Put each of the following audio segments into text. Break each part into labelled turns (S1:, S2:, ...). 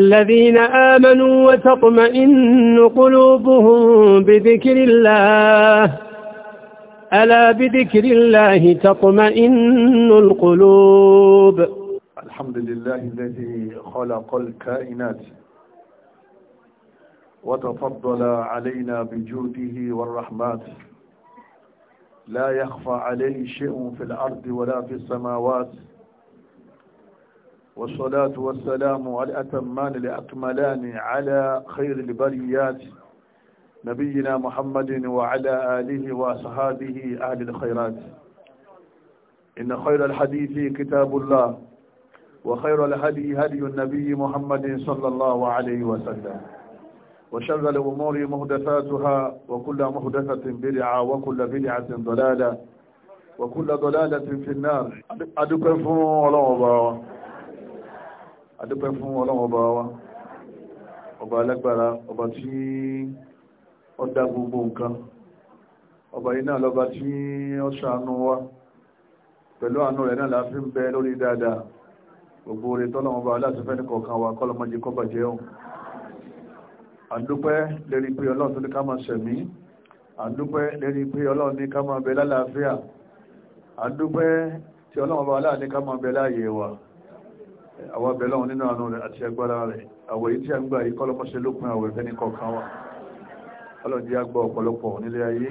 S1: الذين آمنوا وتطمئن قلوبهم بذكر الله ألا بذكر الله تطمئن القلوب الحمد لله الذي خلق الكائنات وتفضل علينا بجوده والرحمات لا يخفى عليه شيء في الأرض ولا في السماوات والصلاة والسلام على الأتمان الأكملان على خير البريات نبينا محمد وعلى آله وأصحابه أهل الخيرات إن خير الحديث كتاب الله وخير الهدي هدي النبي محمد صلى الله عليه وسلم وشر الأمور مهدفاتها وكل مهدفة بدعة وكل بدعة ضلالة وكل ضلالة في النار أدوك فون الله adúpẹ́ fún ọlọ́run ọba wa ọba alágbára ọba tí ó dá gbogbo nǹkan ọba yìí náà lọ́ba tí ó ṣàánú wa pẹ̀lú àánú rẹ̀ náà láàfin bẹ lórí dáadáa gbogbo orí tọ́lọ́run ọba aláti fẹ́ nìkọ̀ọ̀kan wa kọ́lọ́mọ́jì kọ́ bàjẹ́ òun àdúpẹ́ lérí pé ọlọ́run tó aláà ní ká máa bẹ láàyè wa àwọn abẹ́lọ́wọ̀n nínú àánú rẹ̀ àti agbára rẹ̀ àwẹ̀ yìí tí a ń gbà yìí kọ́lọ́mọ́ṣẹ́ lópin àwẹ̀ fẹ́ni kọ̀ọ̀kan wa ọlọ́dí agbọ́ ọ̀pọ̀lọpọ̀ nílé ayé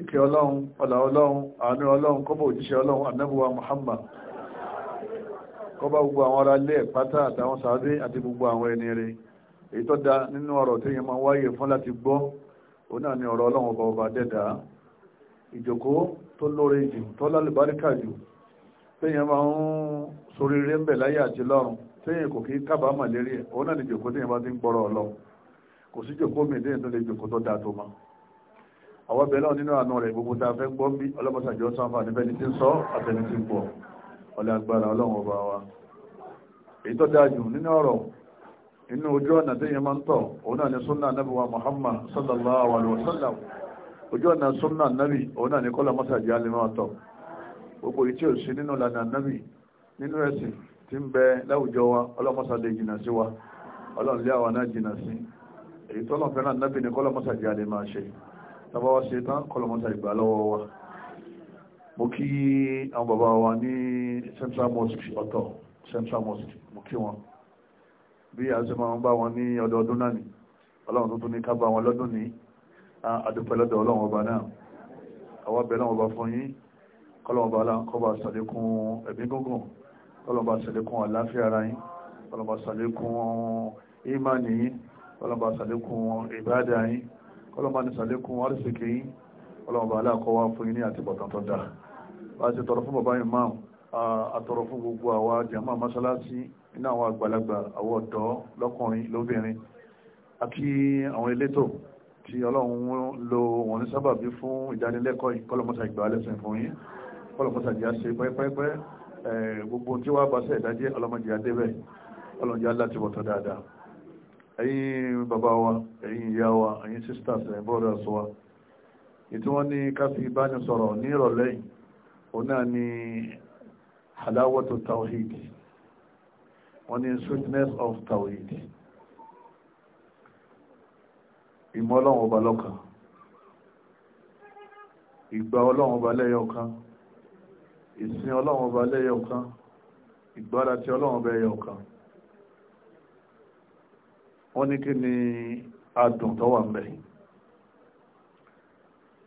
S1: ìkẹ́ ọlọ́run ọlá ọlọ́run àánú ọlọ́run kọ́bọ̀ òjíṣẹ́ ọlọ́run gbogbo gbogbo awọn téèyàn máa ń sorí rí ń bẹ̀ láyé àti lọ́run téèyàn kò kí kábàámà lérí ẹ̀ òun náà ni jòkó téèyàn bá ti ń gbọ́rọ̀ lọ. kò sí jòkó mi téèyàn tó jòkó tó tó àwọn ọbẹ̀ nínú àánú rẹ̀ gbogbo tá a fẹ́ gbọ́ bí ọlọ́mọsàjọ́ sanfà níbẹ̀ ni tí ń sọ àtẹni ń pọ̀ ọlẹ́ agbára nínú ọ̀rọ̀ inú ojú ọ̀nà gbogbo ìtí ò sí nínú lànà nábì nínú ẹ̀sìn tí ń bẹ láwùjọ wa ọlọ́mọ́sàdé jìnà sí wa ọlọ́nlé àwọn náà jìnà sí èyí tó lọ́n fẹ́ràn nábì ní kọ́lọ́mọ́sàdé alẹ́ máa ṣe tàbá wá ṣe tán kọ́lọ́mọ́sàdé gbà lọ́wọ́ wa mo kí àwọn bàbá wa ní central mosque ọ̀tọ̀ central mosque mo kí wọn bí a ṣe máa ń bá wọn ní ọdọọdún náà ni ọlọ́run tuntun ní ká bá wọn lọ́dún ní àdúpẹ́ lọ́dọ̀ ọlọ́run ọba náà àwọn abẹ́ ọlọ́run ọba fún yín kọlọ̀ọ̀bà aláǹkọ́bà sàlékún ẹ̀mí gúngùn kọlọ̀ọ̀bà sàlékún àláfíà ara yín kọlọ̀ọ̀bà sàlékún ìmánì yín kọlọ̀ọ̀bà sàlékún ìbádà yín kọlọ̀ọ̀bà ní sàlékún àrísìkí yín kọlọ̀ọ̀bà aláǹkọ́wà fún yín ní àti bọ̀tán tó dáa bá ti tọrọ fún bàbá imam àtọrọ fún gbogbo àwa jàmá mọ́sálásí iná àwọn àgbàlagbà àwọn ọ̀dọ́ lọ́kùnrin lóbìnrin àti àwọn elétò tí ọlọ́run lo wọn ní sábàbí fún ìdánilẹ́kọ̀ọ́ ìkọlọmọ́sà ìgbà lẹ́sìn fún yín kọ́lọ̀kọ́sà jẹ́ ṣe pẹ́pẹ́pẹ́ gbogbo tí wá bá sẹ́ẹ̀dá jẹ́ ọlọ́mọdé adébẹ̀ ọlọ́mọdé alátìwọ̀tọ̀ dáadáa ẹ̀yin bàbá wa ẹ̀yin ìyá wa ẹ̀yin sisters ẹ̀yin brothers wa ètí wọ́n ní káfí ìbánisọ̀rọ̀ ní ìrọ̀lẹ́ yìí òun náà ni halawatu tawhid wọ́n ní sweetness of tawhid ìmọ̀ ọlọ́run ọba lọ́kan ìgbà ọlọ́run ọba lẹ́yọ̀kan ìsìn ọlọ́run ọba lẹ́yọ kan ìgbára tí ọlọ́run ọba ẹyọ kan wọ́n ní kí ni adùn tó wà mẹ́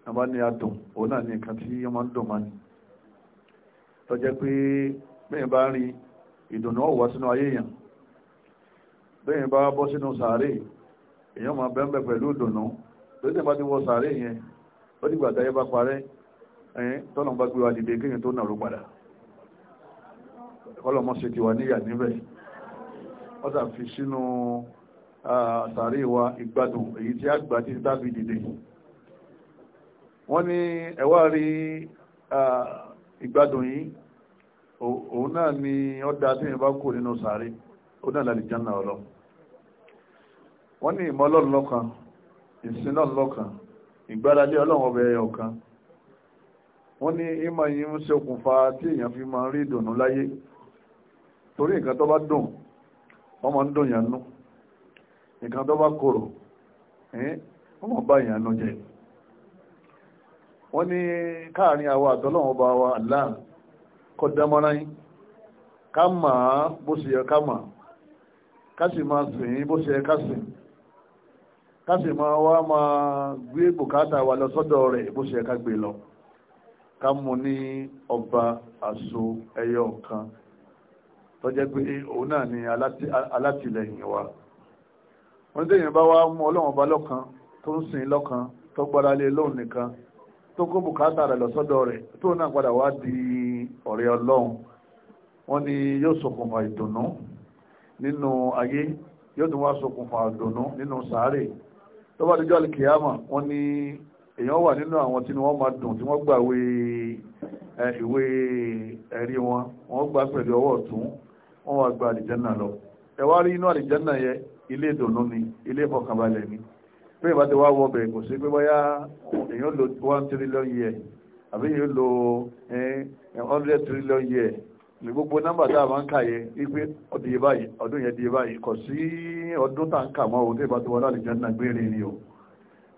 S1: àbá ní adùn òun náà ní nǹkan tí wọ́n máa ń dùn máa ní tọ́jẹ́ pé bẹ́ẹ̀ bá rí ìdùnnú ọ̀wá sínú ayé èèyàn bẹ́ẹ̀ bá bọ́ sínú sàárè èèyàn máa bẹ́ẹ̀ pẹ̀lú ìdùnnú lóṣèlú bá ti wọ sàárè yẹn ó dìgbà táyé bá parẹ́ tọ́lọ̀ bá gbé wa dìde kéyìn tó nàró padà kọ́lọ̀ mọ́ ṣe ti wà níyà níbẹ̀ ọ́dà fi sínú sàárè wa ìgbádùn èyí tí a gbà tí tábí dìde wọ́n ní ẹ̀wà rí ìgbádùn yìí òun náà ni ọ́dà tí ìyẹn bá kú nínú sàárè ó náà lálẹ́ jánà ọ̀lọ́ wọ́n ní ìmọ̀ ọlọ́run lọ́kan ìsìn náà lọ́kan ọ̀kan wọ́n ní ìmọ̀ yìí ń ṣe okùnfà tí èèyàn fi máa rí ìdùnnú láyé torí nǹkan tó bá dùn wọ́n máa ń dùn yàn nǹkan tó bá korò wọ́n máa bá yàn jẹ wọ́n ní káàrin àwa àtọ́lọ́wọ́n bá wa Allah kọ́ dámọ́ra yín ká mà á bó ṣe yẹ ká mà ká sì máa sìn bó ṣe yẹ ká sìn ká sì máa wá máa gbé bùkátà wa lọ sọ́dọ̀ rẹ̀ bó ṣe yẹ ká gbé lọ. ka mú ní ọba àṣọ ẹyọ kan tó jẹ́ pé òun náà ni alátìlẹyìn wa wọ́n tẹ̀yìn bá wá mú ọlọ́run ọba lọ́kan tó ń sìn lọ́kan tó gbára lé e lóun nìkan tó kó bùkátà rẹ̀ lọ́sọ́dọ̀ rẹ̀ tó náà padà wá di ọ̀rẹ́ ọlọ́run wọ́n ní yóò ṣokùnfà ìdùnnú nínú ayé yóò tún wá ìdùnnú nínú sàárè tó èèyàn wà nínú àwọn tí wọ́n máa dùn tí wọ́n gbà wé ìwé ẹ̀rí wọn wọ́n gbà pẹ̀lú ọwọ́ ọ̀tún wọ́n wá gba àlìjánà lọ ẹ wá rí inú àlìjánà yẹ ilé ìdùnnú ni ilé ìfọkànbalẹ̀ ni pé ìbá ti wá wọ bẹ̀ kò sí pé bóyá èèyàn lo one trillion year àbí èèyàn lo hundred trillion year ní gbogbo nọ́mbà tá a máa ń kà yẹ wípé ọdún yẹn báyìí ọdún yẹn di báyìí kò sí ọdún tá a ń kà mọ́ òun tó ìbá ti wọlé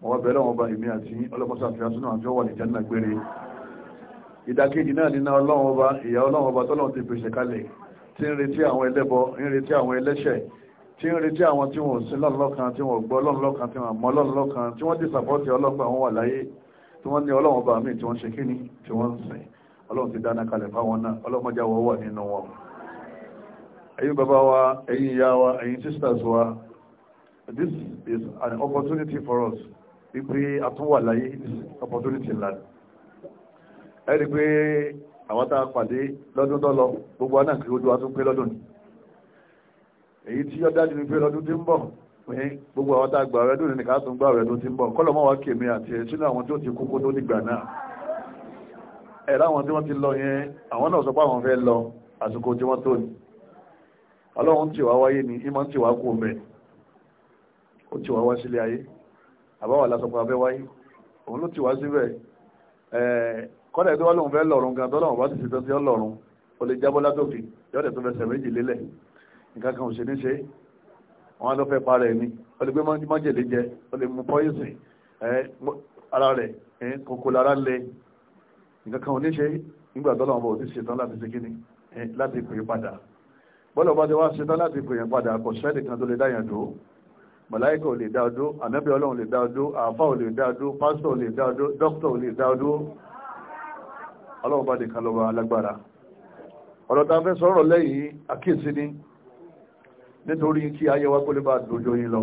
S1: wọ́n bẹ̀rẹ̀ wọn bá èmi àti ọlọ́mọsá àti àtúnà àjọ wà ní jẹ́nà gbére ìdàkejì náà nínú ọlọ́run ọba ìyá ọlọ́run ti pèsè kalẹ̀ tí ń retí àwọn ẹlẹ́bọ ń retí àwọn ẹlẹ́ṣẹ̀ tí ń retí àwọn tí wọ́n sí lọ́n tí wọ́n gbọ́ lọ́n tí wọ́n mọ́ lọ́n tí wọ́n this is an opportunity for us wípé àtúnwà láyé opportunity ńlá ẹ̀rí pé àwọn tá a pàdé lọ́dún tó lọ gbogbo àná kí ojú wa tún pé lọ́dún ni èyí tí ó dájú ni pé lọ́dún tí ń bọ̀ pé gbogbo àwọn tá a gbà rẹ lónìí nìkan tó ń gbà rẹ ló ti ń bọ̀ kọ́lọ̀ mọ́ wá kèmí àti ẹ̀ sínú àwọn tí ó ti kókó tó nígbà náà ẹ̀rá àwọn tí wọ́n ti lọ yẹn àwọn náà sọ pé àwọn fẹ́ lọ àsìkò tí wọ́n tó ní ọlọ́run tì wá wáyé ni ìmọ̀ tì wá kú mẹ́ ó tì wá wá sílé ayé àbáwà lásọpọ̀ abẹ́ wáyé òun ló ti wá síbẹ̀ kọ́dà ẹ̀dọ́ wá lóun fẹ́ lọ́rùn gan tọ́lọ́run bá ti ṣe tán sí ọlọ́run ó lè jábọ́ látòkè yọ́dẹ̀ tó fẹsẹ̀ méjì lélẹ̀ nǹkan kan ò ṣe ní ṣe wọn lọ fẹ́ para ẹni ó lè gbé májèlé jẹ ó lè mú pọ́ìsì ara rẹ̀ kòkó lára lẹ nǹkan kan ò ní ṣe nígbà tọ́lọ́run bá ti ṣe láti ṣe kíni láti pè padà bọ́lọ̀ bá ti wá ṣe láti pè é padà kò sẹ́ẹ̀dì kan tó lè dáyàn dùn màláìkà ò lè dá dúró ànábì ọlọ́run lè dá dúró àáfà ò lè dá dúró pásítọ̀ ò lè dá dúró dókítà ò lè dá dúró ọlọ́run bá nìkan lọ́wọ́ alágbára ọ̀rọ̀ tá a fẹ́ sọ̀rọ̀ lẹ́yìn àkíyèsí ni nítorí kí ayé wa kó lè bá dojú yín lọ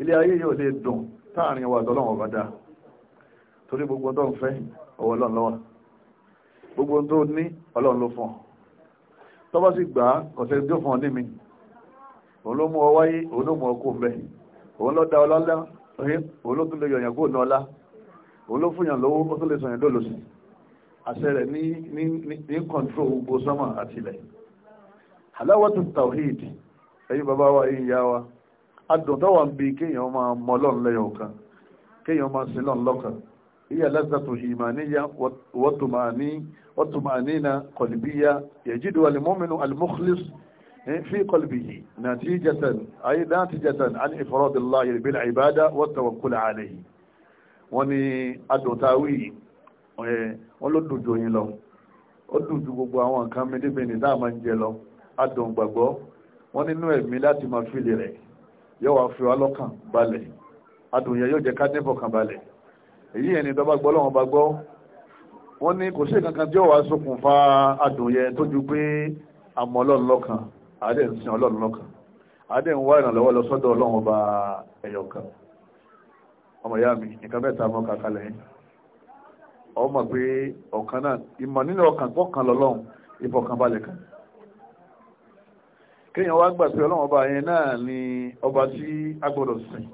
S1: ilé ayé yóò lè dùn táàrin wa tọ́lọ́wọ́ bá dáa torí gbogbo tó ń fẹ́ ọwọ́ ọlọ́run ló wà gbogbo tó ní ọlọ́run ló fún ọ tọ́bá sì gbà kọ̀sẹ̀ tó fún ọ ní mi òun ló mú ọ wáyé òun ló mú ọ kó mbẹ òun ló da ọ lọ́lá òun ló tún lè yọ̀yàn kó nọ́lá òun ló fúnyàn lówó ó tún lè sọ̀yàn lólòsì àṣẹ rẹ̀ ní ní ní kọ̀ntró gbogbo sọ́mà àtìlẹ̀ aláwọ̀tún tawhid ẹ̀yin bàbá wa ẹ̀yin ìyá wa adùn tó wà ń bi kéèyàn máa mọ ọlọ́run lẹ́yọ̀ kan kéèyàn máa sin lọ́run lọ́kàn iya lazatu imaniya watumani watumani na kọlibiya yajidu alimominu alimukhlis في قلبه نتيجة أي ناتجة عن إفراد الله بالعبادة والتوكل عليه وني أدوتاوي ولدن جوين له ọdún ju gbogbo àwọn nǹkan mídíbìnì náà máa ń jẹ lọ adùn gbàgbọ́ wọn nínú ẹ̀mí láti máa fìlì rẹ̀ yóò wá fi wá lọ́kàn balẹ̀ adùn yẹn yóò jẹ́ ká débọ̀ kan balẹ̀ èyí ẹni tó bá gbọ́ lọ́wọ́n bá gbọ́ wọ́n ní kò sí kankan tí ó wàá ṣokùnfà adùn tó ju pé àmọ́ ọlọ́run lọ́kàn àádẹ́ ń sin ọlọ́run lọ́kàn àádẹ́ ń wá ìrànlọ́wọ́ lọ sọ́dọ̀ ọlọ́run ọba ẹ̀yọ̀ kan ọmọ ìyá mi nǹkan mẹ́ta mọ́ kàkálẹ̀ yín ọmọ pé ọ̀kan náà ìmọ̀ nínú ọkàn pọ̀kan lọ́lọ́run ìfọ̀kànbalẹ̀ kan kéèyàn wá gbà pé ọlọ́run ọba yẹn náà ni ọba tí a gbọ́dọ̀ sìn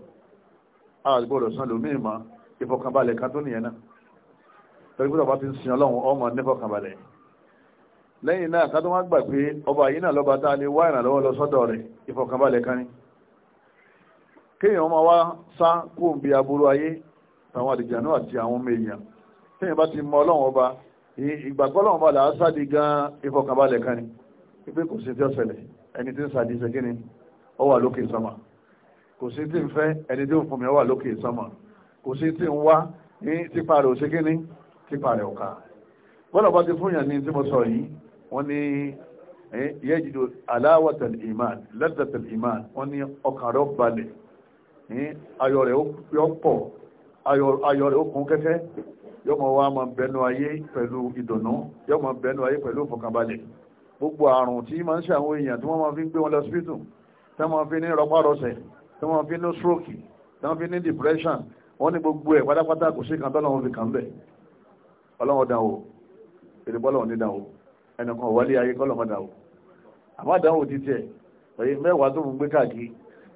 S1: a gbọ́dọ̀ sàn lómi ìmọ̀ ìfọ̀kànbalẹ̀ kan tó nìyẹn náà torí pé ọba ti ń sin ọlọ́run ọmọ yìí lẹ́yìn náà ká tó wá gbà pé ọba yìí náà lọ́ba tá a lè wá ìrànlọ́wọ́ lọ sọ́dọ̀ rẹ̀ ìfọ̀kànbalẹ̀ kan ni kéèyàn máa wá sá kó ń bi aburú ayé àwọn àdìjànú àti àwọn ọmọ èèyàn téèyàn bá ti mọ ọlọ́run ọba ìgbàgbọ́ ọlọ́run ọba làá sádi gan ìfọ̀kànbalẹ̀ kan ni pé kò sí tí ó ṣẹlẹ̀ ẹni tí ń sàdí ṣe kí ni ó wà lókè sánmà kò sí tí ń fẹ́ ẹni tí ó fún mi ó wà lókè sánmà kò sí tí ń wá ní típa rẹ̀ ò ṣe kí ni típa rẹ̀ ò bọ́lá ọba ti fún yàn ní tí mo sọ yìí wọ́n ní yẹ́jìdò aláwọ̀tàn iman lẹ́tẹ̀tẹ̀ iman wọ́n ní ọkàn rẹ̀ ó balẹ̀ ayọ̀ rẹ̀ ó pọ̀ ayọ̀ rẹ̀ ó kún kẹ́kẹ́ yọ́mọ wa máa bẹnu ayé pẹ̀lú ìdùnnú yọ́mọ bẹnu ayé pẹ̀lú ìfọ̀kànbalẹ̀ gbogbo àrùn tí máa ń ṣe àwọn èèyàn tí wọ́n máa fi ń gbé wọn lọ síbítù tí wọ́n máa fi ní rọpárọsẹ̀ tí wọ́n fi ní stroke tí wọ́n fi ní depression wọ́n ní gbogbo ẹ̀ pátápátá kò sí kan tọ́lọ́wọ́n fi kàn bẹ̀ ọlọ́wọ́n dàn o ní dàn ẹnìkan wọlé ayé kọ́lọ̀mọ́dà o àmọ́dáwò ti tiẹ̀ pẹ̀lú mẹ́wàá tó ń gbé káàkiri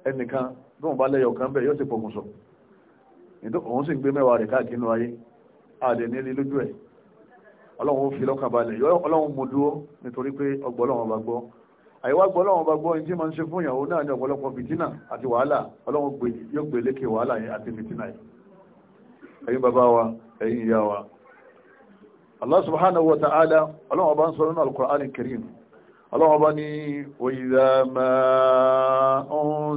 S1: ẹnìkan tó ń bá lẹ́yọ̀ kan bẹ̀ yóò sì pokùn sọ òun sì ń gbé mẹ́wàá rẹ̀ káàkiri nínú ayé àdè nílé lójú ẹ̀ ọlọ́run fi lọ́kàn balẹ̀ ọlọ́run mú dúró nítorí pé ọgbọ́ ọlọ́run bá gbọ́ àyíwá gbọ́ ọlọ́run bá gbọ́ ẹni tí máa ń ṣe fún ìyàwó náà ní ọ̀pọ̀lọpọ̀ fìtínà àti wàhálà ọlọ́run yóò gbé lékè wàhálà yẹn àti fìtínà yìí ẹ̀yin bàbá wa ẹ̀yin ìyá wa Allah subhanahu wa ta'ala ọlọ́wọ́ bá ń sọ al-Qur'an al-Karim ọlọ́wọ́ bá ní wàyíza máa ń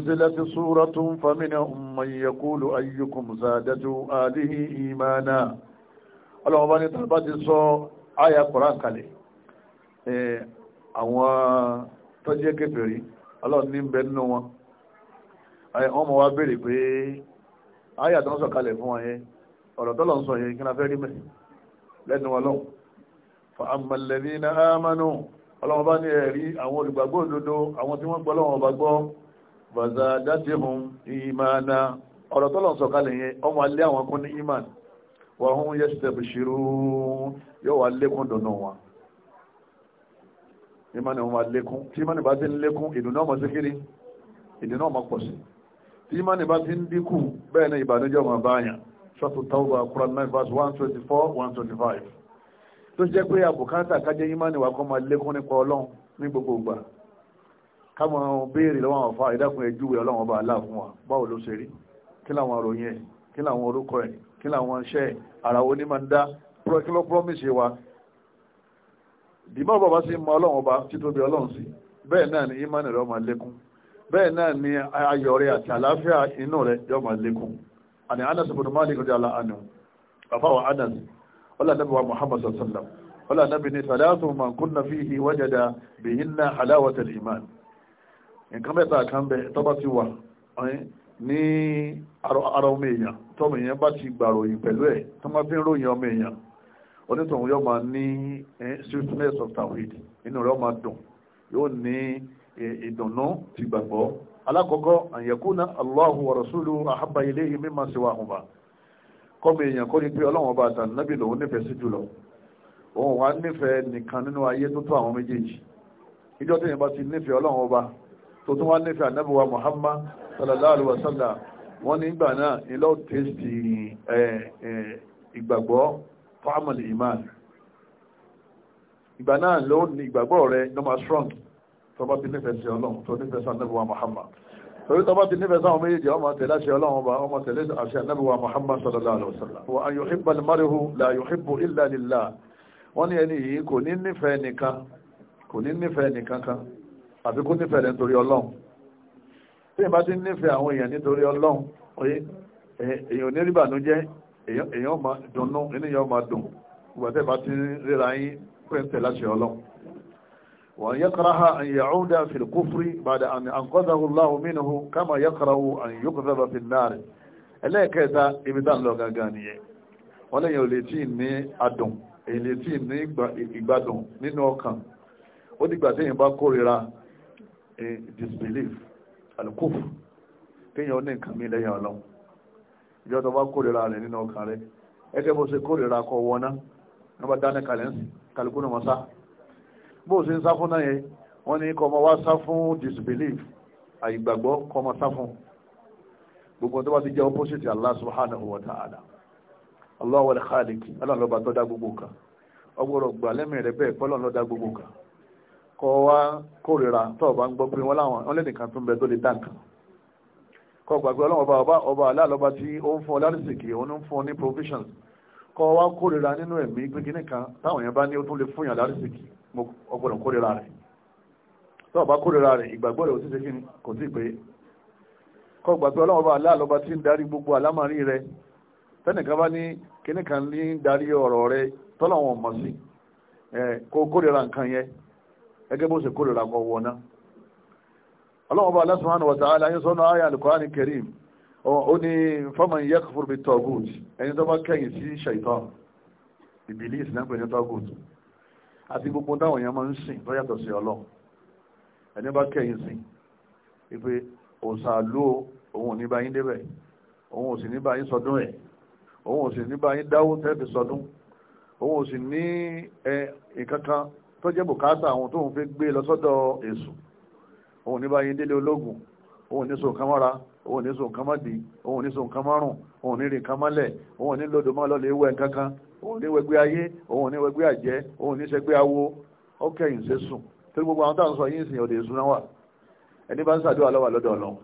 S1: zílẹ̀ ti súra ayyukum zadatu adihi imana ọlọ́wọ́ bá n'i tàbá ti aya Qur'an kalẹ̀ àwọn Allah kéfèrí ọlọ́wọ́ ní bẹ nínú wọn ọmọ wa aya lẹ́nu ọlọ́run fa na ámánú ọlọ́run bá ní ẹ̀rí àwọn olùgbàgbọ́ òdodo àwọn tí wọ́n gbọ́ lọ́wọ́ ọba gbọ́ bàzà dátìhùn ìmáàna ọ̀rọ̀ tọ́lọ̀ sọ̀kalẹ̀ yẹn ọmọ alẹ́ àwọn kún ní ìmáàn wà hún yẹ́sítẹ̀bù ṣirú yóò wà lékún dùnú wọn ìmáàni wọn wà lékún tí bá ti ń lékún ìdùnnú ọmọ sí kiri ìdùnnú ọmọ pọ̀ sí tí bá ti ń dínkù bẹ́ẹ̀ ni ìbànújẹ́ ọmọ báyàn sọ́tù tawba Quran 9 verse 124 125 tó jẹ́ pé àbùkátà kájẹ́ ìmánì wa kọ́ máa lékún nípa ọlọ́run ní gbogbo ìgbà káwọn béèrè lọ́wọ́ àwọn afá ìdákun ẹjúwe ọlọ́run ọba aláà fún wa báwo ló ṣe rí kí làwọn àròyìn ẹ̀ kí làwọn orúkọ ẹ̀ kí làwọn iṣẹ́ ara wo ní máa ń dá kí ló promise wa dìbò bàbá sí mọ ọlọ́run ọba títóbi ọlọ́run sí bẹ́ẹ̀ náà ni ìmánì rẹ̀ máa lékún bẹ́ẹ̀ náà ni ayọ̀ rẹ̀ àti àlàáfíà inú rẹ̀ yóò máa lékún àni anas bin malik rẹ̀ ala anu àfáwà anas wọ́n lànà wa muhammad sallam wọ́n lànà bi ni salatu man kunna fihi wajada bihinna halawata iman nǹkan mẹ́ta kan bẹ tọ́ba ti wà ní ara ọmọ èèyàn tọ́mọ èèyàn bá ti gbàròyìn pẹ̀lú ẹ̀ tó máa fi ń ròyìn ọmọ èèyàn onítọ̀hún yóò máa ní sweetness of tawhid inú rẹ̀ ó máa dùn yóò ní ti gbàgbọ́ alákọ̀ọ́kọ́ àyẹ̀kúnà Allahu wa rasuluhu a ilayhi mimma siwahuma kọ́mọ èèyàn kọ́ ni pé ọlọ́run ọba àtàn nábì lòun nífẹ̀ẹ́ sí jùlọ òun wà nífẹ̀ẹ́ nìkan nínú ayé tó tó àwọn méjèèjì ìjọ tó yẹn bá ti nífẹ̀ẹ́ wa Muhammad sallallahu alaihi wa sallam ní ìgbà náà ilọ́ tẹ́sítì ìgbàgbọ́ ìmáà ìgbà náà ló ní ìgbàgbọ́ tọba ti nífẹ̀ẹ́ sí ọlọ́run tó nífẹ̀ẹ́ sí anábíwá Muhammad torí tọba ti nífẹ̀ẹ́ sáwọn méjèèjì ọmọ tẹ̀lé àṣẹ ọlọ́run ọba ọmọ tẹ̀lé àṣẹ anábíwá Muhammad sallallahu alaihi wasallam wa an yuhibba al-mar'u la yuhibbu illa lillah wọ́n ní ẹni yìí kò ní nífẹ̀ẹ́ nìkan kò ní nífẹ̀ẹ́ nìkan kan àfi kó nífẹ̀ẹ́ rẹ̀ nítorí ọlọ́run tí ìbá ti nífẹ̀ẹ́ àwọn èèyàn nítorí ọlọ́run oye èèyàn ní ríbànújẹ́ èèyàn máa وأن يكره أن يعود في الكفر بعد أن أنقذه الله منه كما يكره أن يقذف في النار إلا كذا إبدان لغانية wọ́n lẹ́yìn ò lè ní adùn èyí lè tí ì ní ìgbádùn ba disbelief alukuf kọ bó ṣe ń sá fún náà yẹn wọ́n ní kó má wá sá fún disbelief àìgbàgbọ́ kó má sá fún gbogbo tó bá ti jẹ́ opposite Allah subhanahu wa ta'ala Allah wal khaliq Allah ló tó dá gbogbo kan ọgbọ́dọ̀ gbà lẹ́mìí rẹ̀ bẹ́ẹ̀ pé Allah ló dá gbogbo kan kọ́ wá kórìíra tó bá ń gbọ́ pé wọ́n láwọn wọ́n lẹ́nìkan tó ń bẹ tó lè dáǹkà kọ́ gbàgbé ọlọ́wọ́ bá ọba ọba aláàlọ́ba tí ó ń fún ọ lárìsìkì òun ń fún ọ ní provisions kọ́ wá kórìíra nínú ẹ̀mí pé kíníkan táwọn yẹn bá ní ó tún lè fún yàn lárìsìkì ọgbọ́dọ̀ kórìíra rẹ̀ tó ọba kórìíra rẹ̀ ìgbàgbọ́ rẹ̀ ò sí kí ni kò sí pé kọ́ tí ń darí gbogbo àlámàrí rẹ̀ tẹ́nìkan bá ní kíní ní darí ọ̀rọ̀ rẹ̀ tọ́lọ́wọ̀n mọ̀ sí kó kórìíra nǹkan yẹn gẹ́gẹ́ bó ṣe kọ wọ̀ náà ọlọ́run bá Allah subhanahu sọ́nà ayé ó ní ẹni tó bá kẹ́yìn sí ìbílí tọ́gùt àti gbogbo táwọn èèyàn máa ń sìn tó yàtọ̀ sí ọlọ́run ẹni bá kẹ́yìn sí ipe òsàlú òun ò ní bá yín débẹ̀ òun ò sì ní bá yín sọdún ẹ̀ òun ò sì ní bá yín dáwó tẹ́ẹ̀fì sọdún òun ò sì ní ẹ ìkankan tó jẹ́ bùkátà àwọn tóun fi gbé lọ sọ́dọ̀ èṣù òun ní bá yín délé ológun òun ní so nǹkan mọ́ra òun ní so nǹkan mọ́dì òun ní so márùn òun ní rìn mọ́lẹ̀ òun ní lódò mọ́ ewé nǹkan kan òun ní wẹgbẹ́ ayé òun ní wẹgbẹ́ àjẹ́ òun ní sẹgbẹ́ awo ọkẹyìn sùn gbogbo àwọn tàbí sọ yìí sìn ọ̀dẹ̀ ìsúná wà ẹni bá ń sàdúrà lọ́wà lọ́dọ̀ ọlọ́run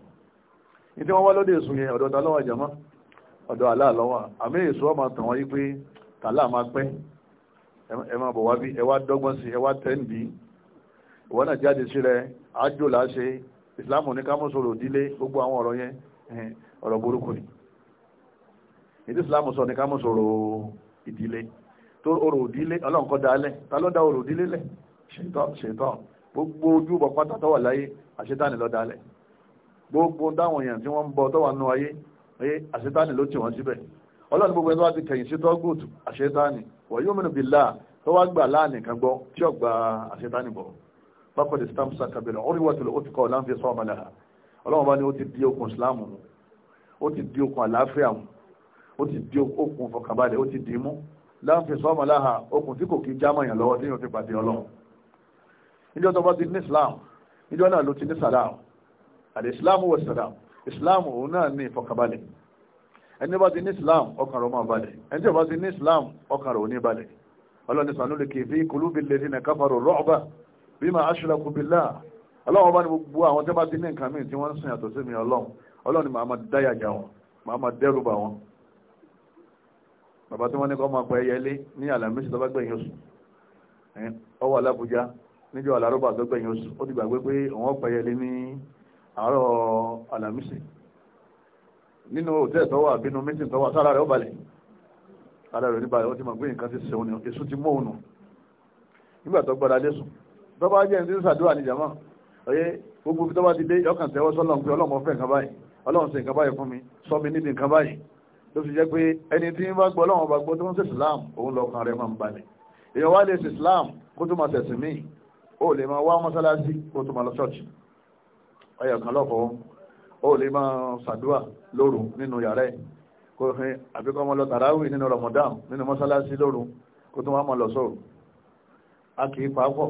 S1: ní tí wọ́n wá lọ́dẹ̀ ìsún yẹn ọ̀dọ̀ ọ̀dọ̀ àmì ọmọ tàn wọ́n yí pé máa pẹ́ ẹ máa bọ̀ wá bí ẹ wá dọ́gbọ́n sí ẹ wá náà ìdílé tó orò òdílé ọlọ́run kọ́ dalẹ̀ ta ló da orò òdílé lẹ̀ ṣètọ́ ṣètọ́ gbogbo ojú bọ̀ pátá tó wà láyé àṣetáni ló dalẹ̀ gbogbo dáwọn èèyàn tí wọ́n ń bọ tó wà nù ayé ayé àṣetáni ló tì wọ́n síbẹ̀ ọlọ́run gbogbo ẹni wá ti kẹ̀yìn sí tọ́gùtù kan gbọ́ tí ó gba àṣetáni bọ̀ bákọ̀dé stamsa kabila oríwàtò ló ti kọ́ ọ̀la ń fi sọ́ọ̀mọ́lá ọlọ́run bá ní ó ti di okùn fọkànbalẹ̀ ó ti dì í mú láǹfẹ̀ sọ́mọ láha okùn tí kò kí jámọ̀ yàn lọ́wọ́ tí yóò fi pàdé ọlọ́run níjọ tó bá ti ní islam níjọ náà ló ti ní sàdáàmù àti islam wọ sàdáàmù islam òun náà ní ìfọkànbalẹ̀ ẹni bá ti ní islam ọkàn rẹ̀ máa balẹ̀ ẹni tí ó bá ti ní islam ọkàn rẹ̀ ò ní balẹ̀ ọlọ́ni sànúlẹ̀ kèfé kulubi lè dín káfàrò bí máa aṣọ́lá kubilá ọlọ́run máa dẹ́rù bà wọn bàbá tí wọ́n ní kọ́ máa pẹ́ t'oba ní àlàmísì tó bá gbẹ̀yìn oṣù ọwọ́ alábùjá níjọ́ àlárọ́bà tó gbẹ̀yìn oṣù ó ti gbàgbé pé òun pẹ́ ẹyẹlé ní àárọ̀ àlàmísì nínú òtẹ́ tó wà bínú mítìn tó wà sára rẹ̀ ó balẹ̀ ara rẹ̀ níbalẹ̀ ó ti mọ̀ pé nǹkan ti èso ti mú òun nù nígbà tó tó bá jẹ́ ní sàdúrà ní ọyẹ gbogbo tó bá ti dé ọkàn tẹ́wọ́ ló fi jẹ́ pé ẹni tí ń bá gbọ́ lọ́wọ́ bá gbọ́ tó ń ṣe islam òun lọ́kàn rẹ̀ máa ń balẹ̀ èèyàn wá lè ṣe islam kó tó máa tẹ̀sìn míì ó lè máa wá mọ́sálásí kó tó máa lọ ṣọ́ọ̀ṣì ọyọ̀ kan lọ́kọ̀ọ́ ó lè máa ṣàdúà lóru nínú yàrá ẹ̀ kó fi àbíkọ́ ọmọ lọ tàràwì nínú ramadan nínú mọ́sálásí lóru kó tó wá máa lọ sóòrù a kì í pàápọ̀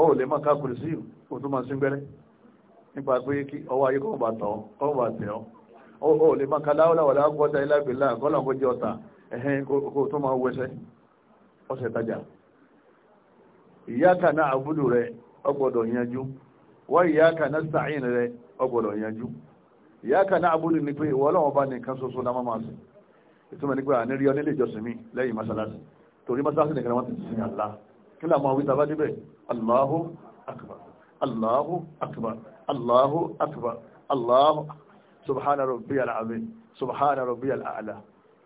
S1: ó lè máa ká kùrìsì kó tó máa síngbẹ́rẹ́ nípa pé kí ọwọ́ ayé kọ́ ó lè máa kala ọ̀la wàlá kọ́ta ilá ìbílá kọ́là kó jẹ́ ọ̀tà ẹ̀hẹ́n kó tó máa o ọ̀sẹ̀ tajà ìyáka náà àbúdù rẹ re yanjú wọ́n ìyáka náà sàáyìn rẹ ọgbọ́dọ̀ yanjú ìyáka náà àbúdù ni pé ìwọ ọlọ́wọ́ nìkan ṣoṣo náà máa sìn ìtumọ̀ ní pé à ní rí mi lẹ́yìn masalasi torí masalasi nìkan wọ́n ti sin àlá kí a bá débẹ̀ Allahu akbar Allahu akbar Allahu akbar Allahu subhana rabbiyal azim subhana rabbiyal a'la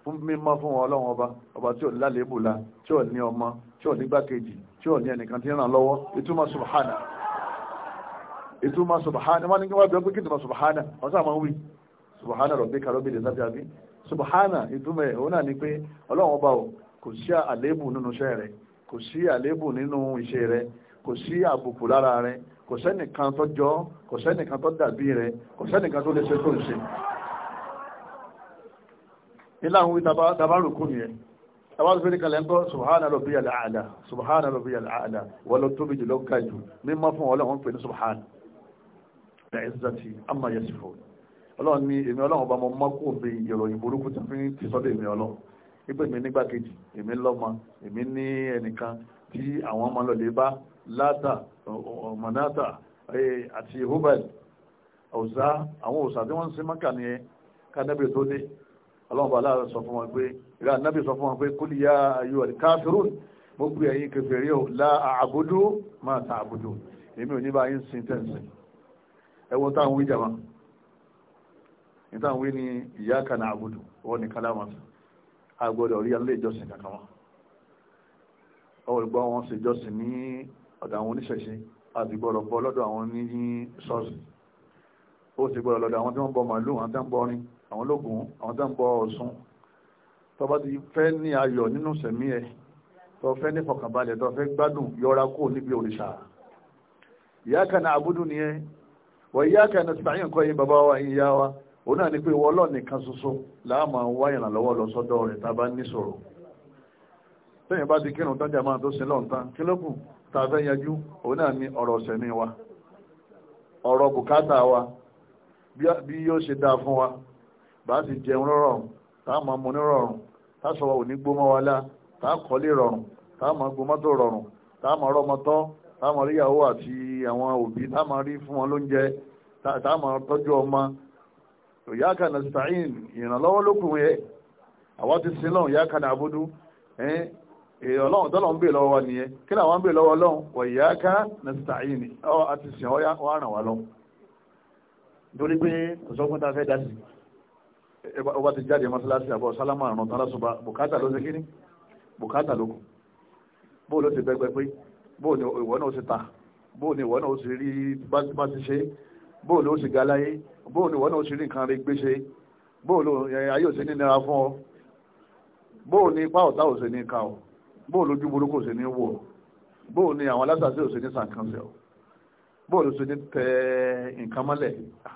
S1: fún mímọ́ fún ọlọ́run ọba ọba tí ò lálébù la tí ò ní ọmọ tí ò ní gbákejì tí ò ní ẹnìkan tí ń ràn lọ́wọ́ ìtumọ̀ subhana ìtumọ̀ subhana wọ́n ní kí wọ́n bẹ̀rẹ̀ pé kí ìtumọ̀ subhana ọ̀sán àwọn wí subhana rabbika rabbil kò sí àbùkù lára rẹ kò sẹ́nìkan tó jọ kò sẹ́nìkan tó dàbí rẹ kò sẹ́nìkan tó lè ṣe tó ń ṣe ilé àwọn ìtàbárùkú nìyẹn àwọn òfin kalẹ̀ ń kọ́ subhana rabbi al'ala subhana subhana da izzati amma yasifun ọlọ́run ni èmi ọlọ́run ọba mọ mọ́kù bí ìròyìn burúkú tí fi ń ti sọ́dọ̀ èmi ọlọ́run ipò èmi nígbàkejì èmi lọ́mọ èmi ní ẹnìkan tí àwọn ọmọ lọ lè bá láta manata eh, àti hubal ọ̀sá àwọn òsà tí wọ́n ń sin maka ni kánábì tó dé ọlọ́mọba aláàrẹ sọ fún wọn pé ìrà nábì sọ fún wọn pé kúlì yá ayú ẹ̀ káfírún mo pè ẹ̀yin kẹfẹ̀rí ò la àbúdú máa ta àbúdú èmi ò ní bá yín sin tẹ́ǹsì ẹwọ́n táwọn wí jàmá nítawọn wí ni ìyá kan àbúdú wọ́n ní kálámà agbọ́dọ̀ rí alẹ́ ìjọsìn kankan wọn ọ̀rọ̀ ìgbọ́ wọn ṣèjọsìn ní ọ̀dọ̀ àwọn oníṣẹ̀ṣe àti gbọ́dọ̀ bọ́ lọ́dọ̀ àwọn ní ṣọ́ọ̀ṣì ó sì gbọ́dọ̀ lọ́dọ̀ àwọn tí wọ́n bọ màálù àwọn tí wọ́n bọ ọrin àwọn lógun àwọn tí wọ́n bọ ọ̀ṣun tó bá ti fẹ́ ní ayọ̀ nínú sẹ̀mí ẹ̀ tó fẹ́ ní fọkànbalẹ̀ tó fẹ́ gbádùn yọra kó níbi òrìṣà ìyáka na àbúdù ni ẹ wọ ìyáka na sàyìn kọ́ yín bàbá wa ìyá wa òun náà ni pé ìwọ Ọlọ́run nìkan ṣoṣo láàmà wá ìrànlọ́wọ́ lọ sọ́dọ̀ rẹ̀ tá a bá ní sọ̀rọ̀ tẹ́yìn bá ti kírun tán jàmáà tó sin lọ́ntán kí tàfẹ́ yanjú òun náà ni ọ̀rọ̀ ṣẹ̀mí wa ọ̀rọ̀ bùkátà wa bí yóò ṣe dáa fún wa bá sì jẹun rọrùn tá máa mu ní rọrùn tá sọ̀rọ̀ òní gbómọ́ wa lá tá kọ́lé rọrùn tá máa gbómọ́tò rọrùn tá máa rọmọtọ́ tá máa rí àti àwọn òbí tá rí fún wọn lóúnjẹ tá tọ́jú ọmọ ìyáka nasta'in ìrànlọ́wọ́ lókùnrin ẹ̀ àwa ti sin lọ́hùn ìyáka ní abúdú Eh, ọlọ́run tọ́lọ̀ ń bè lọ́wọ́ nìyẹn kí làwọn ń bè lọ́wọ́ ọlọ́run wọ̀nyáká nàìjíríà ọ àti sìn ọ́ ràn wá lọ nítorí pé ọ̀sọ́gbọ́n tá a fẹ́ dá sí ọba ti jáde mọ́sálásí àbọ̀ sálámà àrùn tán lásùbà bùkátà ló ṣe kíní bùkátà ló kù bó ló ti bẹ́gbẹ́ pé bó ni ìwọ náà ti ta bó ni ìwọ náà ti rí bá ti ṣe bó ló ti ga láyé bó ni ìwọ náà ti rí nǹkan rí gbé ṣe bó ló ayé òsè ní nira fún ọ bó ni ipá ọ̀tá òsè ní nǹkan ọ̀ bóò lójú burúkú sí ní wò bóò ni àwọn alásàtì ò sí ní sàǹkan sí ọ bóò ló sí ní tẹ nǹkan mọ́lẹ̀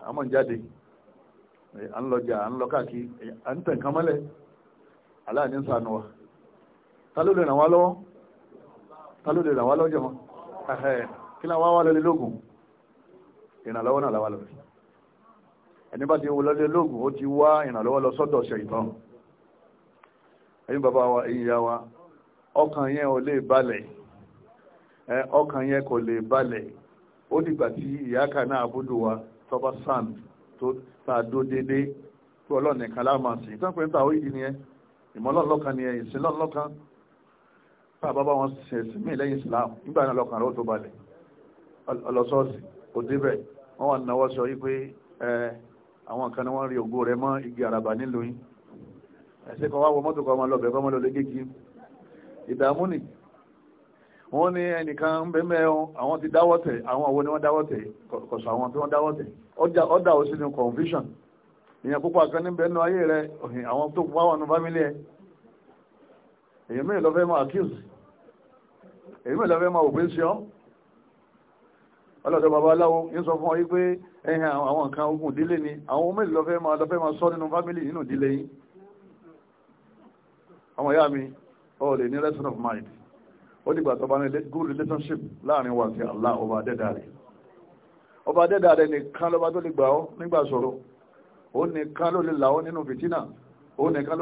S1: àmọ́ ń jáde à ń lọjà à ń lọ káàkiri à ń tẹ nǹkan mọ́lẹ̀ aláàní ń sànù wa ta ló lè ràn wá lọ́wọ́ ta ló lè ràn wá lọ́wọ́ jẹ́ mọ́ kí náà wá wá lọlé lóògùn ìrànlọ́wọ́ náà làwà lọ́wọ́ ẹni bá ti wọ lọlé lóògùn ó ti wá ìrànlọ́wọ́ lọ sọ́dọ̀ ṣe ìtàn ẹ̀yin bàbá wa ẹ̀yin ìyá wa ọkàn yẹn ò lè balẹ̀ ọkàn yẹn kò lè balẹ̀ ó dìgbà tí ìyá kan náà abúdó wa tọ́ba sand tó ta dó déédéé tí ọlọ́run nìkan láàmà sí ìtàn pé níta òyìn nìyẹn ìmọ̀lọ́run lọ́kan nìyẹn ìsìn lọ́run lọ́kan tá a bá bá wọn ṣẹ̀sìn míì lẹ́yìn Islam nígbà náà lọ́kàn rẹ̀ ó tó balẹ̀ ọlọ́sọ́ọ̀sì òdebẹ̀ wọ́n wà náwọ́ sọ wípé àwọn kan ní wọ́n rí ògo rẹ̀ mọ́ igi àràbà nílùú yín ẹ̀sẹ̀ kan wá wọ mọ́tò kan máa lọ bẹ̀ kọ́ ìdààmú nì wọ́n ní ẹnìkan ń bẹ́ mẹ́ àwọn ti dáwọ́ tẹ̀ àwọn àwọn ni wọ́n dáwọ́ tẹ̀ kọ̀sọ̀ àwọn tí wọ́n dáwọ́ tẹ̀ ọ̀dà ó sì ní confusion èèyàn púpọ̀ kan ní bẹ́ẹ̀ nú ayé rẹ àwọn tó wá wọn nú fámílì ẹ èèyàn mẹ́rin lọ́fẹ́ máa accuse èèyàn mẹ́rin lọ́fẹ́ máa òpin sí ọ́ ọlọ́dọ̀ bàbá aláwo ń sọ fún ọ yìí pé ẹ̀hìn àwọn nǹkan ogun ìdílé ni àwọn mẹ́rin lọ́fẹ́ máa lọ́fẹ́ máa sọ nínú fámílì nínú ìdílé yìí àwọn ìyá mi ó lè ní rest of mind ó dìgbà tó bá ní good relationship láàrin wa sí Allah ọba adẹ́dà rẹ̀ ọba adẹ́dà rẹ̀ nìkan lọ́ba tó lè gbà ọ́ nígbà sọ̀rọ̀ ó nìkan ló lè là ọ́ nínú fìtínà ó nìkan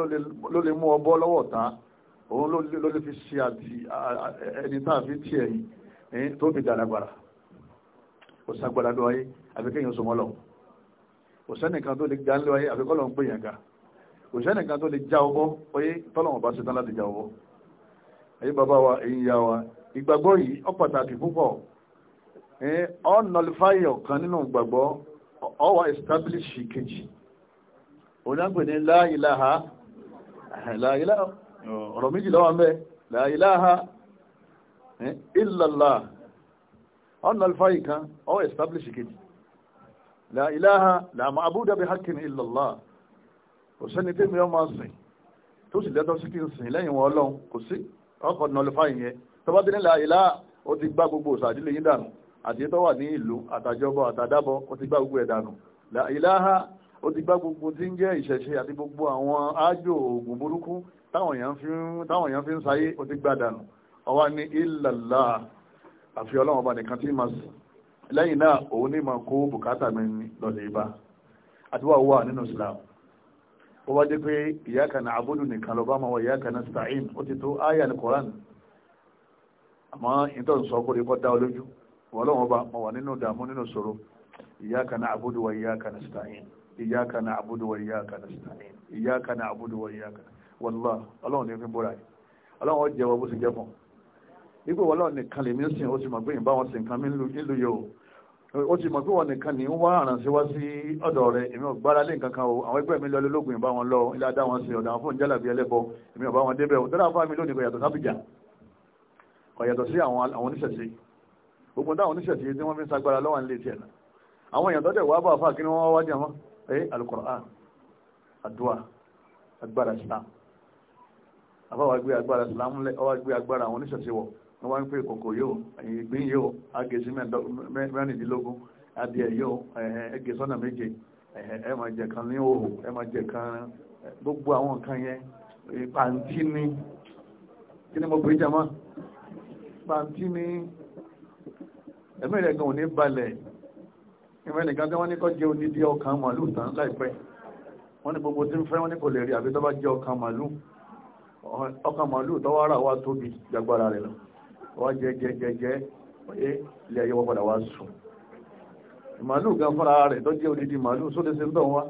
S1: ló lè mú ọ bọ́ lọ́wọ́ ta òun ló lè fi ṣe àti ẹni tá a fi tiẹ̀ yìí tó fi dàdàgbàrà kò sàgbàrà lọ ayé àfikẹ́yìn sọmọlọ kò sẹ́nìkan tó lè gbà ń lọ ayé àfikọ́ ń pè yàn ga kò sẹ́ni kan tó lè já ọbọ́ oyé tọ́lọ̀wọ̀n bá ṣetán láti já ọbọ́ ayé bàbá wa èyí ya wa ìgbàgbọ́ yìí ọ pàtàkì púpọ̀ ọ nọlifáyì ọ̀kan nínú ìgbàgbọ́ ọ wà establish kejì onágbè ní láìláha eh, láìláha ọ̀rọ̀ méjì lọ́wọ́ mẹ́ láìláha ìlàlá eh, ọ nọlifáyì kan ọ establish kejì láìláha làmà abúdàbí hakin ìlàlá kò sẹ́ni tẹ́mi ọmọ sìn tó sì lẹ́tọ́ sí kí n sìn lẹ́yìn wọn ọlọ́run kò sí ọkọ̀ nọlifá yẹn tọ́ba dín nílẹ̀ àyílá ó ti gbá gbogbo òsàdílé yín dànù àti tó wà ní ìlú àtàjọbọ àtàdábọ ó ti gbá gbogbo ẹ̀ dànù ha ó ti gbá gbogbo tí ń jẹ́ ìṣẹ̀ṣe àti gbogbo àwọn ájò oògùn burúkú táwọn èèyàn fi ń sáyé ó ti gbá dànù ọwá ní ìlàlá àfi ọlọ́run ọba nìkan tí máa sùn lẹ́yìn náà òun ní máa kó bùkátà mi lọ́lẹ̀ ibà àti wà wà nínú Islam ó wá Iyakana Abudu iyyaka na'budu nìkan ya máa wọ iyyaka nasta'in koran àmọ́ ìtọ́ sọ kó lè kọ́ dá ba lójú wọ́n lọ́wọ́ bá wọn wà nínú dààmú nínú wa iyyaka nasta'in iyyaka Abudu wa iyyaka nasta'in iyyaka na'budu wa iyyaka wallah ọlọ́run ó ti mọ̀ pé wọn nìkan ní ń wá àrànṣe wá sí ọ̀dọ̀ rẹ̀ èmi ò gbára lé nǹkan kan o àwọn ẹgbẹ́ mi lọ lólógún ìbá wọn lọ ilé adá wọn sí ọ̀dọ̀ àwọn fóònù jálàbí ẹlẹ́bọ èmi ò bá wọn débẹ̀ òtọ́lá fún mi lónìí kò yàtọ̀ sábìjà kò yàtọ̀ sí àwọn oníṣẹ̀ṣe gbogbo táwọn oníṣẹ̀ṣe tí wọ́n fi ń sagbára lọ́wọ́ ń lé tiẹ̀ náà àwọn èèyàn tọ́jú ìwà bá fà kí wọ́n wá ń pè kòkò yóò ìgbín yóò agèsí mẹ́rìndínlógún adìẹ yóò ẹgẹ̀ sọ́nà méje ẹ máa jẹ kan ní òhò ẹ máa jẹ kan gbogbo àwọn nǹkan yẹn pàǹtí ni kí ni mo pè jama pàǹtí ni ẹ̀mí rẹ̀ gan ò ní balẹ̀ ìwé nìkan tí wọ́n ní kọ́ jẹ́ onídìí ọkàn màálù tán láìpẹ́ wọ́n ní gbogbo tí ń fẹ́ wọ́n ní kò lè rí àbí tó bá jẹ́ ọkàn màálù ọkàn màálù tọ́wọ́ ara wa tóbi jagbára rẹ̀ lọ wọ́n jẹ jẹ jẹ jẹ oye ilé ayé wọ́n padà wá sùn màálù gan fúnra rẹ̀ tó jẹ́ odidi màálù sóde sí tọ́ wá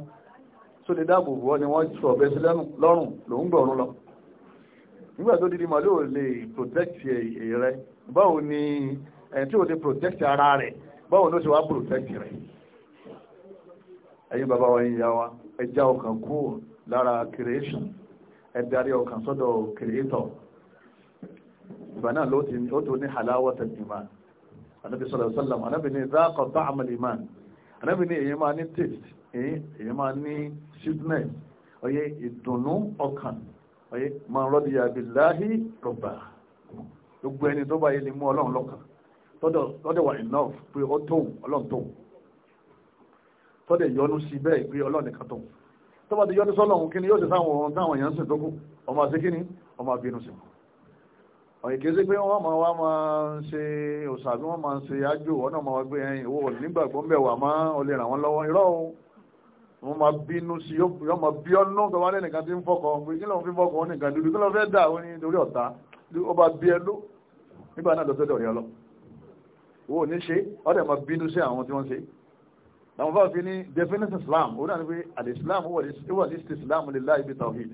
S1: sóde dáàbò bò wọ́n ni wọ́n sọ ọ̀bẹ sí lọ́rùn lòún gbọ̀rún lọ nígbà tó didi màálù lè protect rẹ báwo ni ẹni tí ò lè protect ara rẹ̀ báwo ló ṣe wá protect rẹ̀ ẹ̀yin bàbá wa yìí yá wa ẹja ọkàn kúrò lára creation ẹ darí ọkàn sọ́dọ̀ creator ìgbà náà ló ti ó tó ní halawatan iman anábì sallallahu alaihi wasallam anábì ní zaqa ta'am al-iman anábì ní èyí máa ní taste èyí máa ní sweetness ọyẹ ìdùnnú ọkàn ọyẹ man radiya billahi rabba gbogbo ẹni tó bá yẹ lè mú ọlọ́run lọ́kàn tọ́dẹ̀ wà enough pé ó tóun ọlọ́run tóun tọ́dẹ̀ yọnu sí bẹ́ẹ̀ ọ̀yìn kìí sí pé wọ́n máa wá máa ń ṣe òṣà bí wọ́n máa ń ṣe ájò ọ̀nà máa gbé ẹyin owó nígbàgbọ́ ń bẹ̀ wà máa ó lè ràn wọ́n lọ́wọ́ irọ́ o wọ́n máa bínú sí yọ́ máa bí ọ́nà tó wá lẹ́nìkan tí ń fọ́kọ pé kí ló ń fi fọ́kọ nìkan dúdú kí ló fẹ́ dà ó ní torí ọ̀tá ó bá bí ẹ ló nígbà náà lọ́sẹ̀ dọ̀ yẹn lọ ní ṣe ọ̀dẹ̀ máa bínú sí àwọn tí wọ́n ṣe làwọn bá fi ní definition Islam ó dà ní pé al-Islam huwa al-istislam lillahi bi tawhid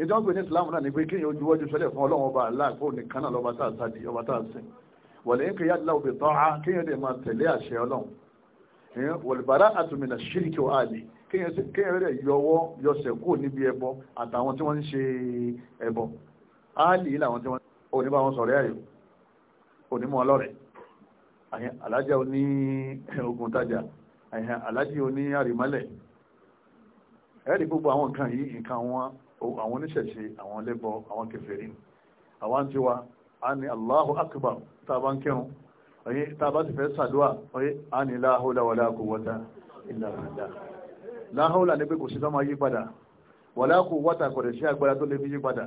S1: ìjọ ń gbé ní islam náà ní pé kíyàn ojú wọ́jú sọ́lẹ̀ fún ọlọ́run ọba aláàkó nìkan náà lọ́ba tá a sáàdì ọba tá a sìn wọ̀lẹ̀ ń kéyà láwù bẹ̀ tán á kíyàn lè máa tẹ̀lé àṣẹ ọlọ́run wọ̀lùbárà àtùmìnà ṣíríkì ọ̀hálì kíyàn rẹ̀ yọwọ́ yọsẹ̀ kúrò níbi ẹbọ àtàwọn tí wọ́n ń ṣe ẹbọ áàlì làwọn tí wọ́n òní bá wọn sọ̀rẹ́ àyò òní mọ́ ọlọ́rẹ̀ alájà oní ogun tájà alájì oní àrìmọ́lẹ̀ ẹ̀rí gbogbo àwọn nǹkan yìí nǹkan wọn àwọn oníṣẹ̀ṣe àwọn ẹlẹ́bọ àwọn kèfèrí àwọn tí wa a ní Allahu Akbar tá a bá ń kírun ọyẹ tá a bá ti fẹ́ sàdúà ọyẹ a ní la hawla wala quwwata illa billah la hawla ní pé kò sí tó máa yí padà wala quwwata kò lè ṣe agbára tó lè fi yí padà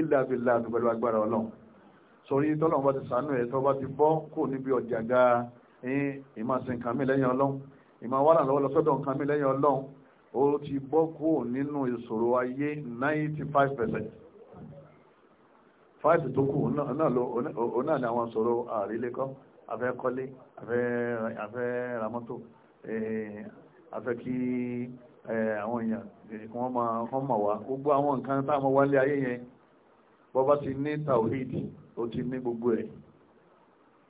S1: illa billah pẹ̀lú agbára ọlọ́run sọrí tọ́lọ́run bá ti tọ́ bá ti bọ́ lẹ́yìn ọlọ́run ìmọ̀ wàrà lọ́wọ́ lọ́sọ́dọ̀ nǹkan lẹ́yìn ọlọ́run o ti bọ́ n'inu nínú ìṣòro 95% 5 tó o náà ni àwọn ìṣòro àrílékọ́ afẹ́ kọ́lé afẹ́ ramọ́tò eh, afẹ́ kí eh, àwọn èèyàn wọ́n wá gbogbo àwọn nǹkan táwọn wálé ayé yẹn bọ́bá ti ní tawhid ó ti ní gbogbo ẹ̀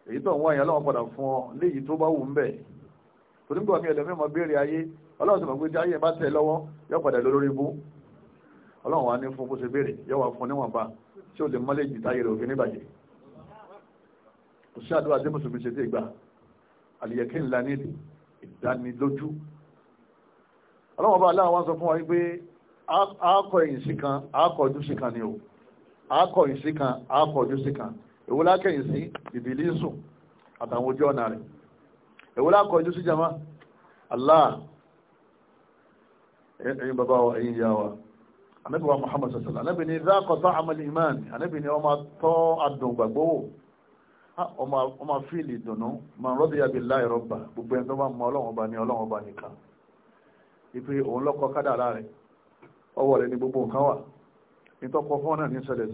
S1: èyí tó ń wáyé aláwọ̀ padà fún ọ léyìí tó bá wù ń bẹ̀ torí gbọ́ mi béèrè ọlọ́run sì mọ̀ pé táyé bá tẹ̀ lọ́wọ́ yóò padà lórí ibú ọlọ́run wa ní fún bó ṣe béèrè yóò wá fún níwọ̀nba tí ó lè mọ́lé jì táyé rẹ̀ òfin níbàjẹ́ kò sí àdúrà tí mùsùlùmí ṣe dé ìgbà àlìyẹ̀kẹ́ ńlá nílì ìdánilójú ọlọ́run bá aláwọ̀ sọ fún wa wípé àákọ̀ ẹ̀yìn sí kan àákọ̀ ojú sí kan ni o àákọ̀ ẹ̀yìn sí kan àákọ̀ ojú sí kan èwo lákẹ̀yìn sí ìbìlí sùn àtàwọn ojú ọ̀nà rẹ̀ èwo lákọ̀ ojú sí jama Allah Eyi baba wa ẹ̀yin ìyá wa anabi wa muhammad sallallahu anabi ni zaakota amali iman anabi ni ọmọ tọ́ adùn gbàgbọ́ wò ọmọ fili dùnú Ma radiya billahi Rọba gbogbo ẹni tó bá mọ ọlọ́run ọba ọba nìkan ipe òun ni gbogbo nǹkan wà nítọ́kọ́ fún náà ní ṣẹlẹ̀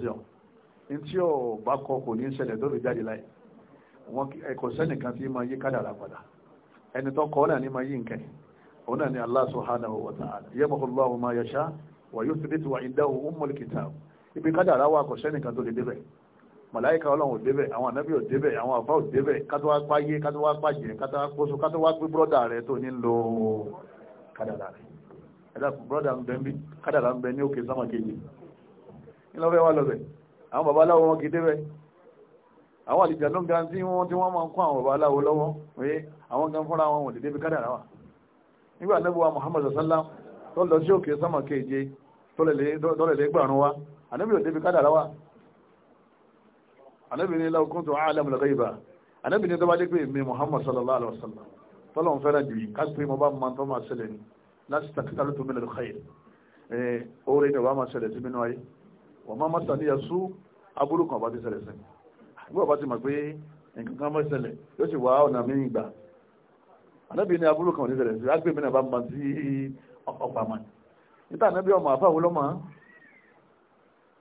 S1: sí ọ ní òun náà ni Allah subhanahu wa ta'ala yamhu Allahu ma yasha wa yuthbitu wa indahu ummul kitab ibi kádàrá wa kò sẹ́nìkan tó lè débẹ̀ màláìka ọlọ́run ò débẹ̀ àwọn ànábì ò débẹ̀ àwọn àfá ò débẹ̀ kátó wá páyé kátó wá pàjẹ́ kátó wá kóso kátó wá pé bọ́dà rẹ tó ní lo kádàrá rẹ ẹ̀dá bọ́dà ń bẹ ń bí kádàrá ń bẹ ní òkè sámà kejì ńlọ́fẹ́ wà lọ́bẹ̀ nígbà anábíwá muhammadu sallam tó lọ sí òkè sánmà keje tọ́lẹ̀lẹ̀ gbàrún wa anábí ò débi kádàrá wa anábí ní law kuntu a'lamu al-ghayba anábí ní tọ́ba dégbé mi muhammadu sallallahu alaihi wa sallam tọ́lọ̀ ń fẹ́ràn jù yìí kásìpé mo bá ma tọ́ ma ṣẹlẹ̀ ni láti tàkítàrí tó mílẹ̀ lọ́kàyè oore ni wàá ma ṣẹlẹ̀ sí nínú ayé wọ́n máa ma sàníyà sú aburú kan ọba ànábì ní aburú kan ò ní ṣẹlẹ̀ sí agbègbè náà bá ń ban sí ọ̀pá mọ́ níta ànábì ọmọ àfáwọ́ lọ́mọ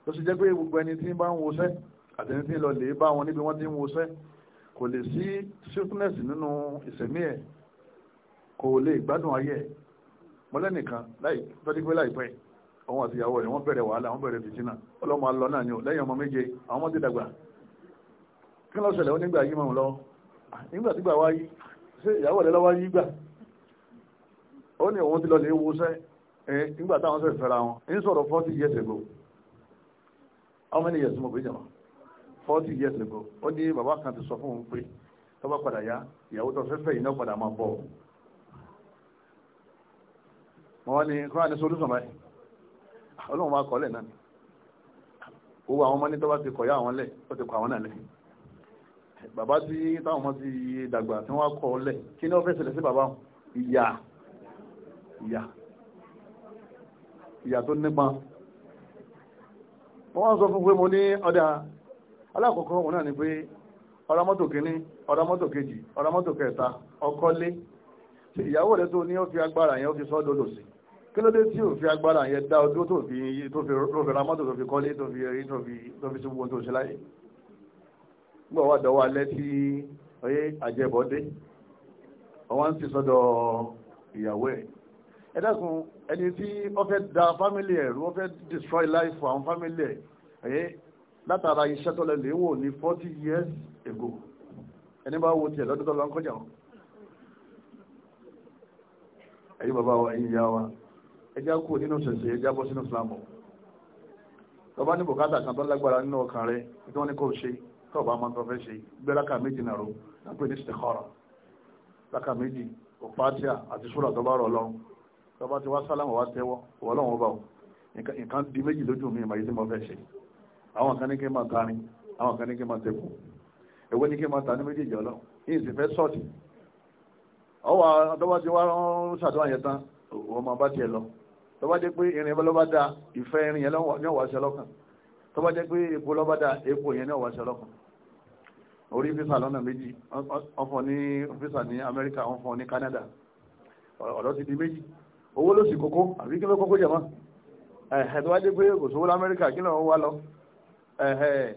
S1: ló ṣe jẹ́ pé gbogbo ẹni tí bá ń wọṣẹ́ àtẹni tí ń lọ lè bá wọn níbi wọ́n ti ń wọṣẹ́ kò lè sí sickness nínú ìsẹ̀mí ẹ̀ kò lè gbádùn ayé ẹ̀ mọ́lẹ́nìkan tọ́jú pé láìpẹ́ àwọn àtìyàwó rẹ̀ wọ́n bẹ̀rẹ̀ wàhálà wọ́n bẹ̀rẹ̀ fìtínà ọlọ́mọ alọ́ náà ni ò lẹ́yìn ọmọ méje àwọn ọmọ dàgbà kí ló ṣẹlẹ̀ ó nígbà yí mọ̀ lọ nígbà tí gbà wáyé ṣé ìyàwó rẹ̀ lọ́wọ́ yí gbà ó ní òun ti lọ lè wọṣẹ́ ẹ nígbà táwọn sẹ̀ fẹ́ra wọn ń sọ̀rọ̀ forty years ago how many years mo gbé jàmọ́ 40 years ago ó ní bàbá kan ti sọ fún òun pé tó bá padà yá ìyàwó tó fẹ́ fẹ́ yìí padà máa bọ̀ wọ́n wá ní kọ́ra ní solúsàn báyìí ọlọ́run wá kọ́lẹ̀ náà ni gbogbo àwọn ọmọ bàbá tí táwọn ọmọ ti dàgbà tí wọ́n kọ́ ọlẹ̀ kí ni wọ́n fẹ́ ṣẹlẹ̀ sí bàbá ìyà ìyà ìyà tó nípa wọ́n wá sọ fún pé mo ní ọ̀dà alákọ̀ọ́kọ́ òun náà ni pé ọ̀rá mọ́tò kìíní ọ̀rá mọ́tò kejì ọ̀rá mọ́tò kẹta ọkọ́lé ìyàwó rẹ̀ tó ní ó fi agbára yẹn ó fi sọ́dọ̀ lò sí kí ló dé tí ò fi agbára yẹn dá ọdún tó fi ra mọ́tò tó fi kọ́lé tó fi rí tó fi ṣubú tó ṣe láyé nígbà wà dọ́wọ́ alẹ́ tí oyé àjẹbọ́dé ọwọ́ ń sì sọ́dọ̀ ìyàwó ẹ̀ ẹ dákun ẹni tí wọ́n fẹ́ da family ẹ̀ wọ́n fẹ́ destroy life for àwọn family ẹ̀ oyé látara iṣẹ́ tó lẹ léwò ní forty years ago ẹni bá wo tiẹ̀ lọ́dún tó lọ ń kọjá wọn. ẹ̀yin bàbá wa ẹ̀yin ìyá wa ẹja kú nínú ṣẹ̀ṣẹ̀ ẹja bọ́ sínú flambo. bàbá ní bùkátà kan tó lágbára nínú ọkàn rẹ̀ tí wọ́n ní kò ṣe tó bá máa tọ́ fẹ́ ṣe gbé rákà méjì nàró lápẹ́ ní istikhara rákà méjì òpátíà àti súrà tó bá rọ̀ lọ́rùn tó bá ti wá sálámà wá tẹ́wọ́ wọ́n lọ́wọ́ bá nǹkan di méjì lójú mi ìmọ̀ yìí tí mo fẹ́ ṣe àwọn kan ní kí n máa tarin àwọn kan ní kí n máa tẹ̀kù èwo ní kí n máa ta ní méjèèjì ọlọ́ yìí sì fẹ́ sọ́ọ̀tì ọwọ́ àtọ́wọ́ ti wá ṣàdúrà yẹn tán wọ́n bá tiẹ̀ lọ tó bá pé irin ẹbẹ́ ló da ìfẹ́ irin yẹn ní ọ̀wá ṣẹlọ́kàn tó bá jẹ́ pé epo ló da epo yẹn ní ọ̀wá ṣẹlọ́kàn orí físà lọ́nà méjì wọ́n fọ́ ní físà ní Amẹ́ríkà wọ́n ní Canada ọ̀dọ́ ti di méjì owó ló sì kókó àbí kí ló kókó jẹ̀mọ́ ẹ̀hẹ̀ tó wá dé pé kò sówó lamẹ́ríkà kí lọ́wọ́ wá lọ ẹ̀hẹ̀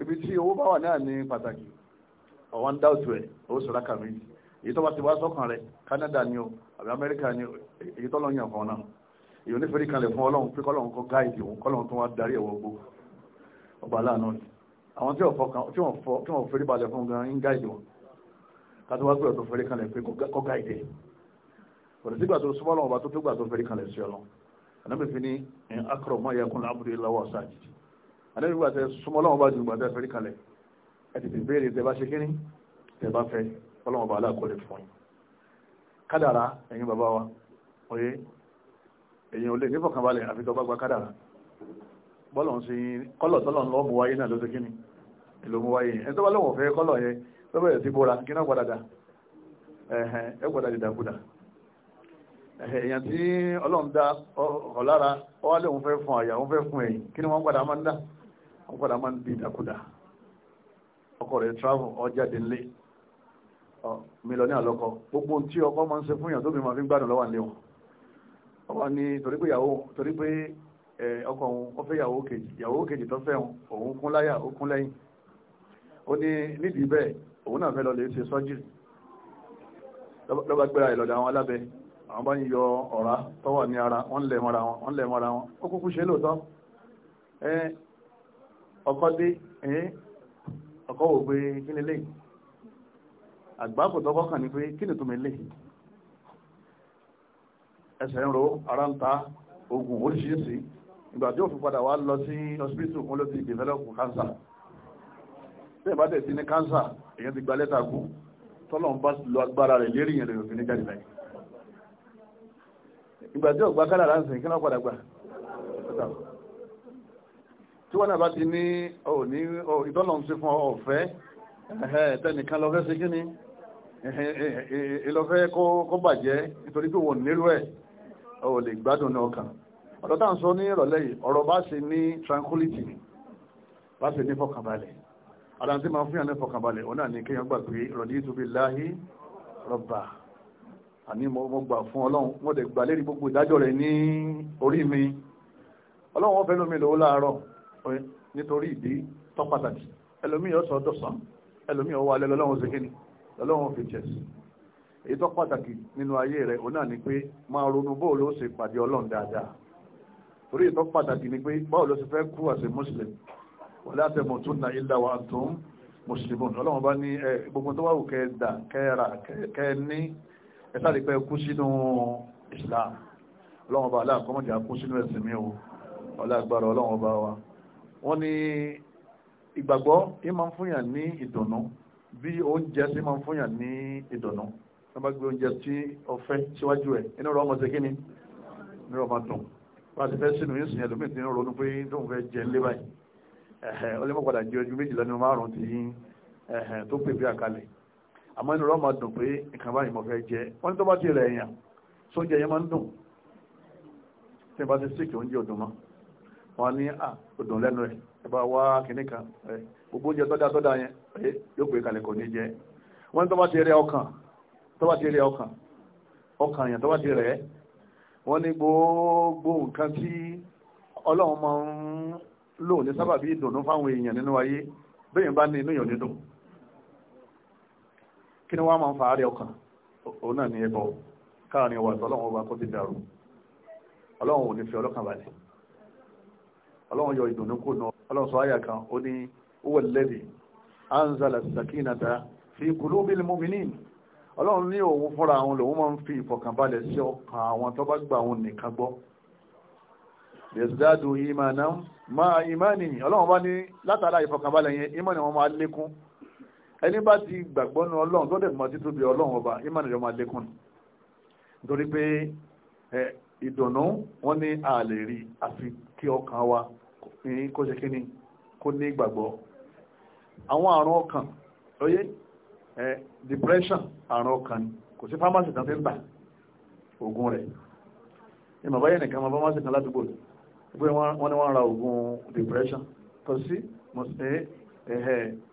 S1: ibi tí owó bá wà náà ní pàtàkì ọ̀wọ́n ń dá ẹ̀ owó sọ̀rọ̀ kà méjì èyí tó bá ti wá sọ́kàn rẹ̀ Canada ni o àbí Amẹ́ríkà ni èyí tó lọ́yìn ọ̀kan náà èyí ò ní fẹ́rí kalẹ̀ fún Ọlọ́run pé kọ́lọ́run kọ́ gáìdì òun kọ́lọ́run tó wá darí ẹ̀wọ̀ gbogbo ọba aláàánú ni àwọn tí wọ́n fẹ́rí balẹ̀ fún gan ń gáìdì wọn kátó wá pé ọ̀tọ̀ fẹ́rí kalẹ̀ pé kọ́ gáìdì ọ̀rọ̀ sígbà tó súnmọ́ lọ́wọ́ bá tó tógbà tó fẹ́rí kalẹ̀ sí ọlọ́ anábì fi ní akọrọ̀ mọ́ ìyàkùn láàbùdó ìlàwọ̀ sáàjì anábì gbà tẹ súnmọ́ lọ́wọ́ bá jùgbà tẹ fẹ́rí kalẹ̀ ẹ ti bèèrè tẹ bá ṣe bọ́lọ̀ ń sin kọ́lọ̀ tọ́lọ̀ ń lọ́ wáyé náà ló ti kíní ló mú wáyé ẹni tó bá lóun fẹ́ kọ́lọ̀ yẹn tó bẹ̀rẹ̀ sí bóra kí náà padà dà ẹ padà dìdà kúdà èèyàn tí ọlọ́run dá ọ̀lára ọwá lóun fẹ́ fún àyà òun fẹ́ fún ẹ̀yìn kí ni wọ́n padà máa ń dà wọ́n padà máa ń di ìdàkúdà ọkọ rẹ̀ travel ọjáde ńlẹ̀ mílọ ní àlọ́kọ gbogbo tí ọkọ máa ń ṣe fún ìyàn tó bí ma fi ń gbádùn lọ́wà léwọ̀n ọwà ní torí pé ìyàwó torí pé ó ní nídìí bẹ́ẹ̀ òun náà fẹ́ lọ lè ṣe sọ́jírì lọ́gbà gbéra ìlọ̀dà àwọn alábẹ́ àwọn bá ń yọ ọ̀rá tó wà ní ara wọ́n lẹ̀ mọ́ra wọn wọ́n lẹ̀ mọ́ra wọn ó kúkú ṣe lóòótọ́ ọkọ dé ọkọ wò pé kí ni lè àgbà kò tọ́kọ́ kàn ní pé kí ni tó mi lè ẹsẹ̀ ń ro ara ń ta oògùn oríṣiríṣi ìgbà tí ó fi padà wá lọ sí hospital wọn ló ti develop cancer bẹ́ẹ̀ bá tẹ̀sí ní kánsà èyàn ti gba lẹ́tà kú tọ́lọ́n bá lo agbára rẹ̀ lérí yẹn lèyàn fi ní jáde láyé ìgbà tí ọ̀gbá kádà láti sìn kí náà padà gbà tí wọ́n náà bá ti ní òní ìtọ́lọ̀ ń ṣe fún ọ̀fẹ́ tẹnìkan lọ fẹ́ ṣe kí ni ìlọ́fẹ́ kó bàjẹ́ nítorí pé wọ́n nílò ẹ̀ ò lè gbádùn ní ọkàn ọ̀dọ́ ń sọ ní ìrọ̀lẹ́ yìí ọ̀rọ̀ bá ṣe ní tranquility bá ṣe ní fọkànbalẹ̀ ara tí máa fún yàn ní fọkànbalẹ̀ òun náà ní kéèyàn gbà pé rọ̀dí ìtúbi láhí rọ̀bà àní mo gbà fún ọlọ́run wọ́n dẹ̀ gbà lérí gbogbo ìdájọ́ rẹ̀ ní orí mi ọlọ́run wọ́n fẹ́ lómi lòó láàárọ̀ nítorí ìdí tó pàtàkì ẹlòmí yóò sọ dọ̀sán ẹlòmí yóò wà lẹ́lọ́ lọ́wọ́ sẹ́kìnì lọ́wọ́ fi jẹ̀sì èyí tó pàtàkì nínú ayé rẹ̀ òun náà ni pé máa ronú bóò ló ṣe pàdé ọlọ́run dáadáa torí ìtọ́ pàtàkì ni pé báwo ló ṣe fẹ́ kú àṣẹ mùsùlùmí wala tamutunna illa wa antum muslimun ọlọ́run bá ní gbogbo tó wà wù kẹ́ dà kẹ́ra kẹ́ ní ẹ̀sàrí pé kú sínú islam ọlọ́run bá aláàkọ́mọ̀jà kú sínú ẹ̀sìn mi o ọlágbára ọlọ́run bá wa wọ́n ní ìgbàgbọ́ yí máa ń fúnyàn ní ìdùnnú bí oúnjẹ sí máa ń fúnyàn ní ìdùnnú wọ́n bá gbé oúnjẹ tí ọ̀fẹ́ síwájú ẹ̀ inú rọ ọmọ ṣekí ni inú rọ ọmọ dùn wọ́n ti fẹ́ sínú yín sìn ẹlòmíì tí ń ronú pé tóun fẹ́ jẹ ń báyìí olómọ̀padà jẹ́ ojú méjìlá nínú márùn-ún ti yín tó pè bí àkálẹ̀ àmọ́ inú rọ́ọ̀mà dùn pé nǹkan báyìí mo fẹ́ jẹ wọ́n ní tó bá ti rẹ̀ èèyàn sóúnjẹ yẹn máa ń dùn tí ẹ bá ti oúnjẹ mọ́ wọn ní à òdùn lẹ́nu ẹ̀ ẹ bá wá kínní gbogbo oúnjẹ tọ́da yẹn yóò pè kalẹ̀ kò ní jẹ wọ́n ní tó bá ọkàn tó bá ti ọkàn ọkàn lóun ní sábàbí ìdùnnú fáwọn èèyàn nínú ayé bẹ́ẹ̀ bá ní inú yàn nídùn kí ni wọ́n máa ń fa àárẹ̀ ọkàn òun náà ní ẹbọ káàrin wà tọ́lọ́wọ́n ọba kó ti dàrú ọlọ́run ò ní fi ọlọ́kàn balẹ̀ ọlọ́run yọ ìdùnnú kó nà ọlọ́run sọ àyà kan ó ní owó lẹ́dì anzala sakinata fi qulubil mu'minin ọlọ́run ní òun fúnra àwọn lòun máa ń fi ìfọ̀kànbalẹ̀ sí ọkàn àwọn tó bá gbà yẹ̀sùdádù ìmànà ma imani ọlọ́run bá ní látara ìfọkànbalẹ̀ yẹn ìmánì wọn máa lékún ẹni bá ti gbàgbọ́ nu ọlọ́run tó dẹ̀kùnmọ́ títóbi ọlọ́run ọba ìmánì rẹ̀ máa lékún nítorí pé ìdùnnú wọn ní ààlè rí àfi kí ọkàn wa ní kó ṣe kí ni kó ní gbàgbọ́ àwọn àrùn ọkàn lóye depression àrùn ọkàn kò sí fámásì kan fi ń bà ògùn rẹ̀ ìmọ̀ báyẹ̀ nìkan máa fámásì kan ládùúgbò yìí pé wọ́n ní wọ́n ra oògùn depression kò sí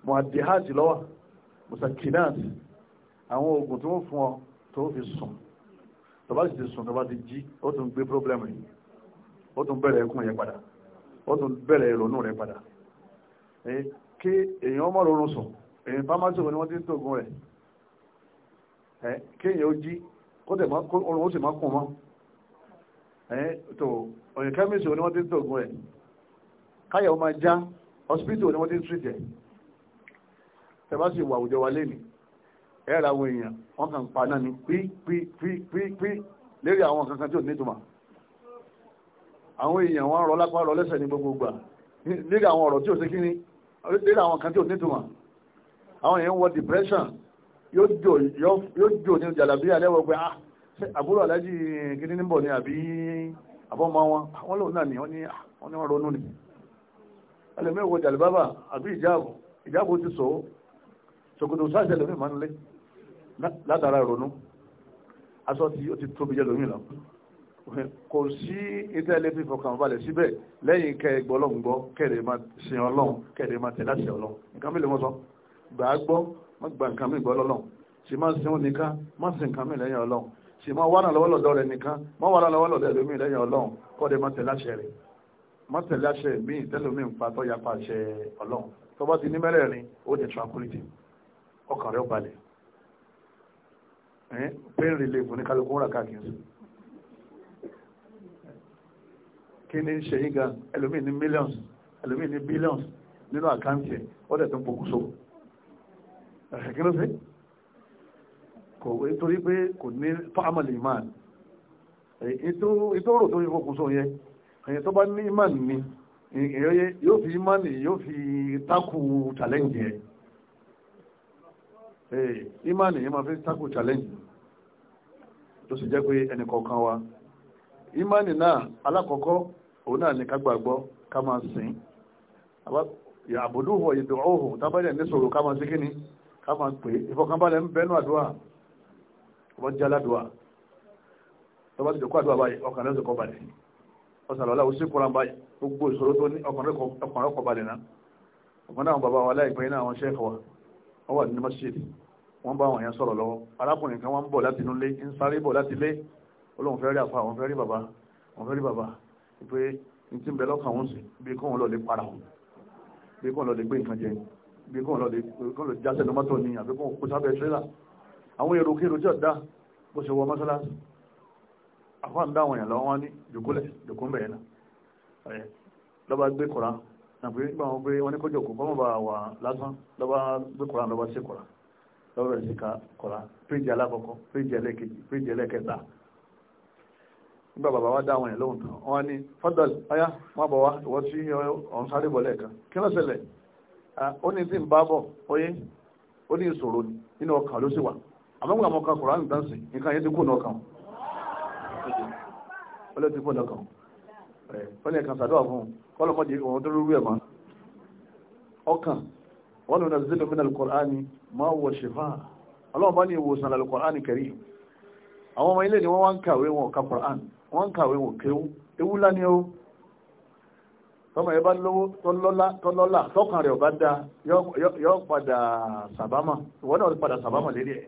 S1: muhadihat lọ́wọ́ musakinat àwọn oògùn tí wọ́n fún ọ tó fi sùn tó bá sì ti sùn tó bá ti jí ó tún gbé problem yìí ó tún bẹ̀rẹ̀ ẹkún yẹn padà ó tún bẹ̀rẹ̀ ìrònú rẹ̀ padà kí èèyàn mọ̀ lórun sùn èèyàn pharmacy ni wọ́n ti ń tògùn rẹ̀ kí èèyàn ó jí kó tẹ̀ mọ́ orun ó sì mọ́ kùn mọ́ Eh, tó òyìn kẹ́mísì òní wọ́n ti ń tògùn ẹ̀ káyọ̀ máa já hospital òní wọ́n ti ń tìrìtẹ̀ tẹ́bá sì wà àwùjọ wa lẹ́nìí ẹ̀rọ àwọn èèyàn wọ́n kàn pa náà ní pípípípí lérí àwọn kankan tí ò ní ìtumọ̀ àwọn èèyàn wọ́n rọ lápá rọ lẹ́sẹ̀ ní gbogbo gbà lérí àwọn ọ̀rọ̀ tí ò sí kíní lérí àwọn kan tí ò ní ìtumọ̀ àwọn èèyàn wọ depression yóò jò ní jàlábí alẹ́wọ̀ pé ah àbúrò aláàjì gidi níbọ̀ ni àbí àbọ́mọ́ wọn àwọn lòun náà ni wọ́n ní wọ́n ronú ni ẹlẹ́mìí wọ jàlùbábà àbí ìjáàbò ìjáàbò ti sọ ṣòkòtò sáàṣẹ lẹ́mìí máa ń lé látara ronú aṣọ tí ó ti tóbi jẹ́ lómi lọ kò sí ìtẹ́ ilé fífọ kan balẹ̀ síbẹ̀ lẹ́yìn kẹ́ ẹgbọ́ ọlọ́run gbọ́ kẹ́ẹ̀dẹ̀ máa sin ọlọ́run kẹ́ẹ̀dẹ̀ máa tẹ̀ láti ọlọ́run nǹkan nǹkan mìíràn sì máa wà náà lọ́wọ́ lọ́dọ̀ rẹ̀ nìkan má wà náà lọ́wọ́ lọ́dọ̀ ẹlòmíì lẹ́yìn ọlọ́run kọ́ de má tẹ̀lé àṣẹ rẹ̀ má tẹ̀lé àṣẹ míì tẹ́lómi ń fa tó yapa àṣẹ ọlọ́run tó bá ti ní mẹ́rẹ̀ẹ̀rin ó ní tranquility ọkàn rẹ̀ ó balẹ̀ pain relief ní kálukú rà káàkiri kí ni ṣe yín gan ẹlòmíì ní millions ẹlòmíì ní billions nínú àkáǹtì ẹ̀ ó dẹ̀ tó ń pokùnso ẹ̀ṣẹ̀ kí ló fẹ́ kò torí pé kò ní fáàmà lè máa ìtòrò tó yíkò kò sọ yẹ ẹ̀yìn tó bá ní ìmáàni ni yóò fi ìmáàni yóò fi tákù challenge yẹ ìmáàni yóò fi tákù challenge tó sì jẹ́ pé ẹnì kọ̀ọ̀kan wa náà alákọ̀ọ́kọ́ òun náà ní ká máa sìn ọmọ jẹ́ aládùá tọ́ba ti dẹ̀kọ́ àdúrà báyìí ọkàn rẹ̀ sọ̀kọ́ balẹ̀ ọ̀sàlọ́ ọ̀la òsì kúra báyìí gbogbo ìṣòro tó ní ọkàn rẹ̀ kọ́ balẹ̀ náà ọ̀kan náà bàbá wa láìpẹ́ náà wọn ṣẹ́ẹ̀kọ́ wa wọ́n wà nínú mọ́ṣíìdì wọ́n bá wọn yẹn sọ̀rọ̀ lọ́wọ́ arákùnrin kan wọ́n ń bọ̀ láti inú ilé ń sáré bọ̀ láti ilé olóhùn fẹ́ rí àfa òun àwọn èrò kí rojú ọ̀dá bó ṣe wọ mọ́sálásí àwọn àdá àwọn èèyàn lọ́wọ́ wọn ní jòkólẹ̀ jòkóńbẹ̀ yẹn náà lọ́ba gbé kọ̀ra nàpé nígbà wọn gbé wọn ní kọjọ kò kọ́mọ̀ bá wà lásán lọ́ba gbé kọ̀ra lọ́ba ṣe kọ̀ra lọ́ba rẹ̀ ṣe kọ̀ra péjì alákọ̀ọ́kọ́ péjì ẹlẹ́kejì péjì ẹlẹ́kẹta nígbà bàbá wa dá àwọn èèyàn bá bọ̀ oyé ó ìṣòro nínú ọkàn ló sì wà àmọ́gbà mọ́ ka kùránì dánsì nǹkan yẹn ti kú lọ́kàn ọlọ́ ti kú lọ́kàn fẹ́lẹ̀ kan sàdọ́wà fún kọ́lọ́mọ́dé òun tó rúrú ẹ̀ ma ọkàn wọ́n lọ́nà zílò mínà lùkọ̀rání ma wọ ṣèfà ọlọ́wọ́n bá ní ìwòsàn lùkọ̀rání kẹrì àwọn ọmọ ilé ni wọ́n wá ń kàwé wọn ka kùrán wọ́n ń kàwé wọn kéwú ewu lání o tọmọ yẹn bá lówó tọlọ́lá tọkàn rẹ̀ ọba dá yọ padà sàbámà ìwọ́n náà padà sàbámà lérí ẹ̀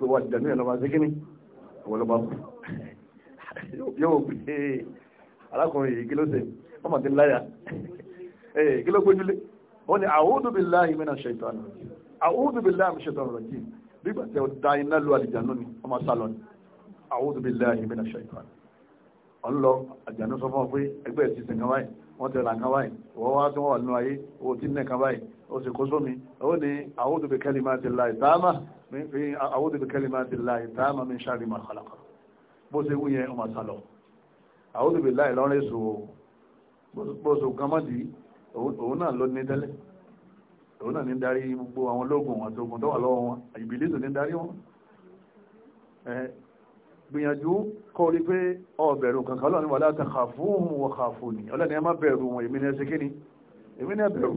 S1: pé wà jẹ̀mí ẹ̀lọ́ba sí kíní ọ̀wọ́lọ́ba yóò pé alákùnrin yìí kí ló ṣe wọ́n mọ̀ sí láyà kí ló gbójúlé wọ́n ní a'udhu billahi minash shaitani a'udhu billahi minash shaitani rajim nígbà tí ó da iná lu àlìjánu ni ọmọ sálọ ni a'udhu billahi minash shaitani ọ̀n lọ àjànú sọ fún ọ pé ẹgbẹ́ ẹ̀ ti sìn kan báyìí wọ́n ti ra kan báyìí wọ́n wá tí wọ́n wà nínú ayé owó tí ń nẹ̀ kan báyìí òsì kó sómi ó ní a'udhu bi kalimati llahi taama fi a'udhu bi kalimati llahi taama min sharri ma khalaqa bó ṣe wúyẹn ọmọ sálọ a'udhu billahi lọ́rẹ́ sọ bó ṣe gamadi òun náà ló ní tẹ́lẹ̀ òun náà ní darí gbogbo àwọn ológun àti ogun tó wà lọ́wọ́ wọn Ìbílísì ní darí wọn gbìyànjú kọ́ orí pé ọ̀bẹ̀rù kankan lọ́nà wà látàkà fún òun wọ̀kà fún ni ọlọ́ni ẹ má bẹ̀rù wọn èmi ní ẹsẹ̀ kíni èmi ní ẹbẹ̀rù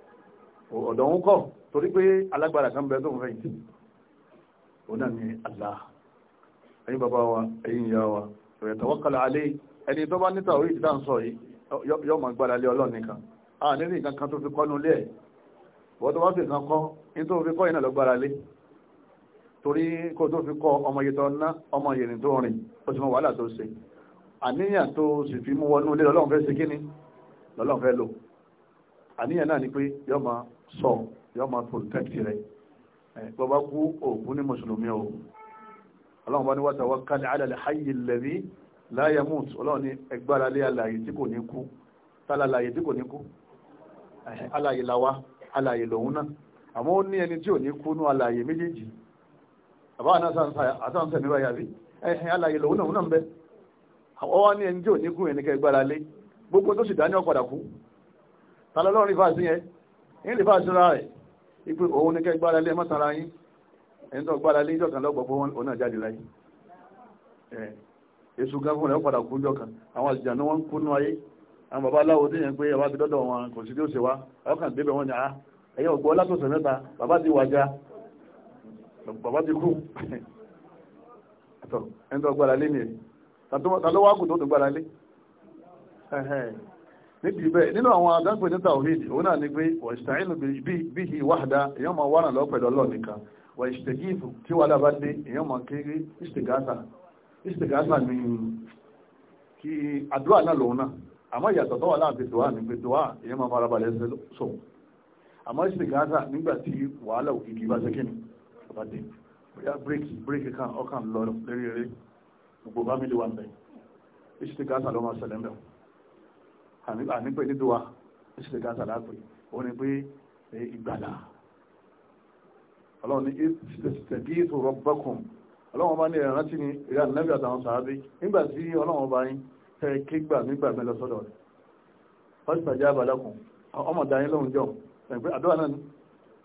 S1: ọ̀dọ̀ ń kọ̀ torí pé alágbára kan bẹ tó ń fẹ́ yìí ó náà ní Allah ẹ̀yin bàbá wa ẹ̀yin ìyá wa ẹ̀yẹ̀ tawakkal alayhi ẹni tó bá ní tàwí ìdá ń sọ yìí yọ máa gbára lé Ọlọ́run nìkan a nínú nǹkan kan tó fi kọ́ nulẹ̀ ẹ̀ wọ́n tó bá fi kan kọ́ àníyàn náà ni pé yọ sọ yóò máa protect rẹ̀ bàbá kú òkú ní mùsùlùmí o ọlọ́run bá ní wá tawakkal ala al-hayy alladhi la yamut ọlọ́run ní ẹgbára lé alàyè tí kò ní kú tálà alàyè tí kò ní kú alàyè làwa alàyè lòun náà àmọ́ ó ní ẹni tí ò ní kú ní alàyè méjèèjì àbá àtàǹsẹ̀ níwá yàrí ẹ̀hìn alàyè lòun náà náà ń bẹ ọ wá ní ẹni tí ò ní kú ẹni kẹgbára lé gbogbo tó sì dání ọ̀padà kú tálà ọlọ́run rí fáṣí yẹn yín lè fà ṣọ́ra rẹ̀ ipé òun ní kẹ́ gbára lé mọ́tara yín ẹni tó gbára lé ìjọkan lọ́gbọ̀ fún òun náà jáde láyé èṣù gan fún rẹ̀ ó padà kú jọkan àwọn àjànú wọn kú nú ayé àwọn bàbá aláwo tí yẹn pé ẹwà ti dọ́dọ̀ wọn kò sí tí ó ṣe wá ọkàn débẹ̀ wọn ah, látọ̀sẹ̀ mẹ́ta bàbá ti wàjà bàbá ti kú ẹni tó gbára lé tó níbi bẹ́ẹ̀ nínú àwọn adágbè ní tawhid òun náà ni pé wọ̀ṣtàínù bihi wahda èèyàn máa wánà lọ pẹ̀lú ọlọ́ nìkan wọ̀ṣtẹ̀gífù tí wàhálà bá dé èèyàn máa kéré istigasa istigasa ni kí àdúrà náà lòun náà àmọ́ ìyàtọ̀ tó wà láàbí dùá ní pé dùá èèyàn máa farabalẹ̀ ṣe sóun àmọ́ istigasa nígbà tí wàhálà òkìkí bá ṣe ọkàn lọ lérí eré gbogbo bá lè wà ń bẹ̀ istigasa ànípẹ̀ nídùwà ìṣẹ̀lẹ̀ dáadáa lápẹ̀ òun ni pé ìgbàlá ọlọ́run ní ìṣẹ̀bí ètò rọ́bọ́kùn ọlọ́run bá ní ìrántí ni ìrìn ànábì àtàwọn sàábé nígbà tí ọlọ́run bá yín fẹ́ kí gbà nígbà mẹ́lọ sọ́dọ̀ rẹ̀ pásítàjá àbàdàkùn ọmọ dání lóhun jọ ẹ̀gbẹ́ àdúrà náà ni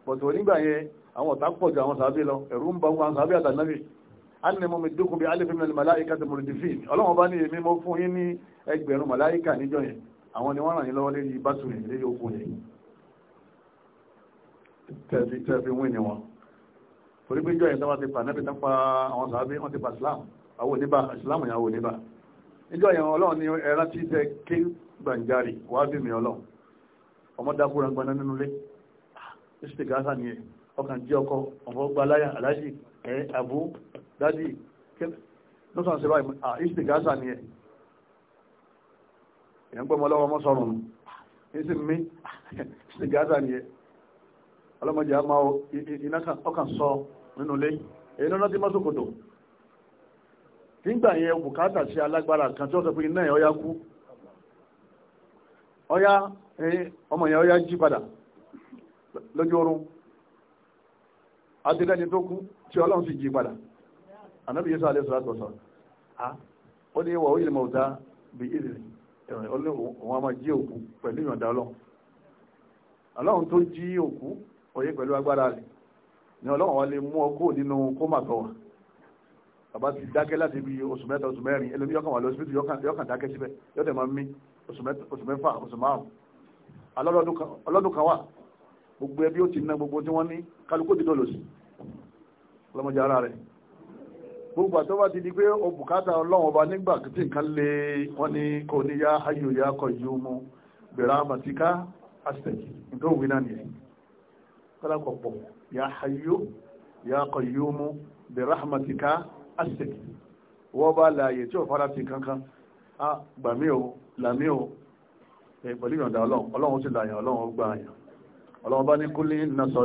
S1: bọ̀tù nígbà yẹn àwọn ọ̀tá pọ̀ ju àwọn sàábé lọ ẹ̀rú ń bá wọn sàábé àtànábì ánìmọ̀ mọ̀mí dúkùn bí alẹ́ fún mi màláìka ti mọ̀rìdìfín ọlọ́run bá ní èmi mo fún yín ní ẹgbẹ̀rún màláìka níjọ yẹn àwọn ni wọ́n ràn yín lọ́wọ́ lérí bátùrì lérí ogun yìí tẹ́ẹ̀fì tẹ́ẹ̀fì wí ni wọn torí pé jọ ìtawà ti pa nẹ́bí tán pa àwọn sàábé wọ́n ti pa islam àwọn oníbà islam yà àwọn oníbà níjọ́ ìyẹn ọlọ́run ni ẹ̀rá tí tẹ ké gbàǹjarì wà bí mi ọlọ́run ọmọ dákú rẹ̀ gbaná nínú ilé ìsìtì gáásà ni ẹ̀ ọkàn jí ọkọ ọ̀fọ́ gba aláyà aláàjì ẹ̀ àbú dádì kí lọ́sàn-án ṣe báyìí ìsìtì gáásà ni ẹ̀ ẹ̀ ń pẹ́ mọ́ lọ́wọ́ mi sí gaza nìyẹn ọlọ́mọdé a máa iná ọkàn sọ nínú ilé èyí lọ́nà tí mọ́sòkòtò nígbà yẹn bùkátà sí alágbára kan tí ó sọ pé iná ẹ̀ ọya kú ọya ọmọ yẹn ọya jí padà lójú oorun adélẹ́ni tó kú tí ọlọ́run sì jí padà ànábìyẹsọ alẹ́ sọ́lá tó ó ní ìwà òyìnbó ta bí ìrìn wọ́n máa jí òkú pẹ̀lú ìyọ̀ǹda ọlọ́run ọlọ́run tó jí òkú oyé pẹ̀lú agbára rẹ̀ ni ọlọ́run wa lè mú ọ kúrò nínú kómà tó wà bàbá ti dákẹ́ láti bí oṣù mẹ́ta oṣù mẹ́rin ẹlòmí yọkàn wà lọ́sibítù yọkàn dákẹ́ síbẹ̀ yọtẹ̀ máa mí oṣù mẹ́fà oṣù márùn ọlọ́dún kan wà gbogbo ẹbí ó ti ná gbogbo tí wọ́n ní kálukú ti dọ̀lọ́sì ọlọ́mọdé ara rẹ̀ gbogbo àti ọba ti di pé o bùkátà ọlọ́run ọba nígbà tí nǹkan lè wọ́n ní kò ní yá ayò yá kọjúmú bẹ̀rẹ̀ àmàtíká aspect tó wí náà nìyẹn kọ́lákọ̀pọ̀ yá ayò yá kọjúmú bẹ̀rẹ̀ àmàtíká aspect wọ́n bá láàyè tí ò fara ti kankan a gbàmí o làmí o pẹ̀lú ìyọ̀ǹda ọlọ́run ti làyàn ọlọ́run gbà yàn ọlọ́run bá ní kúlí nà ti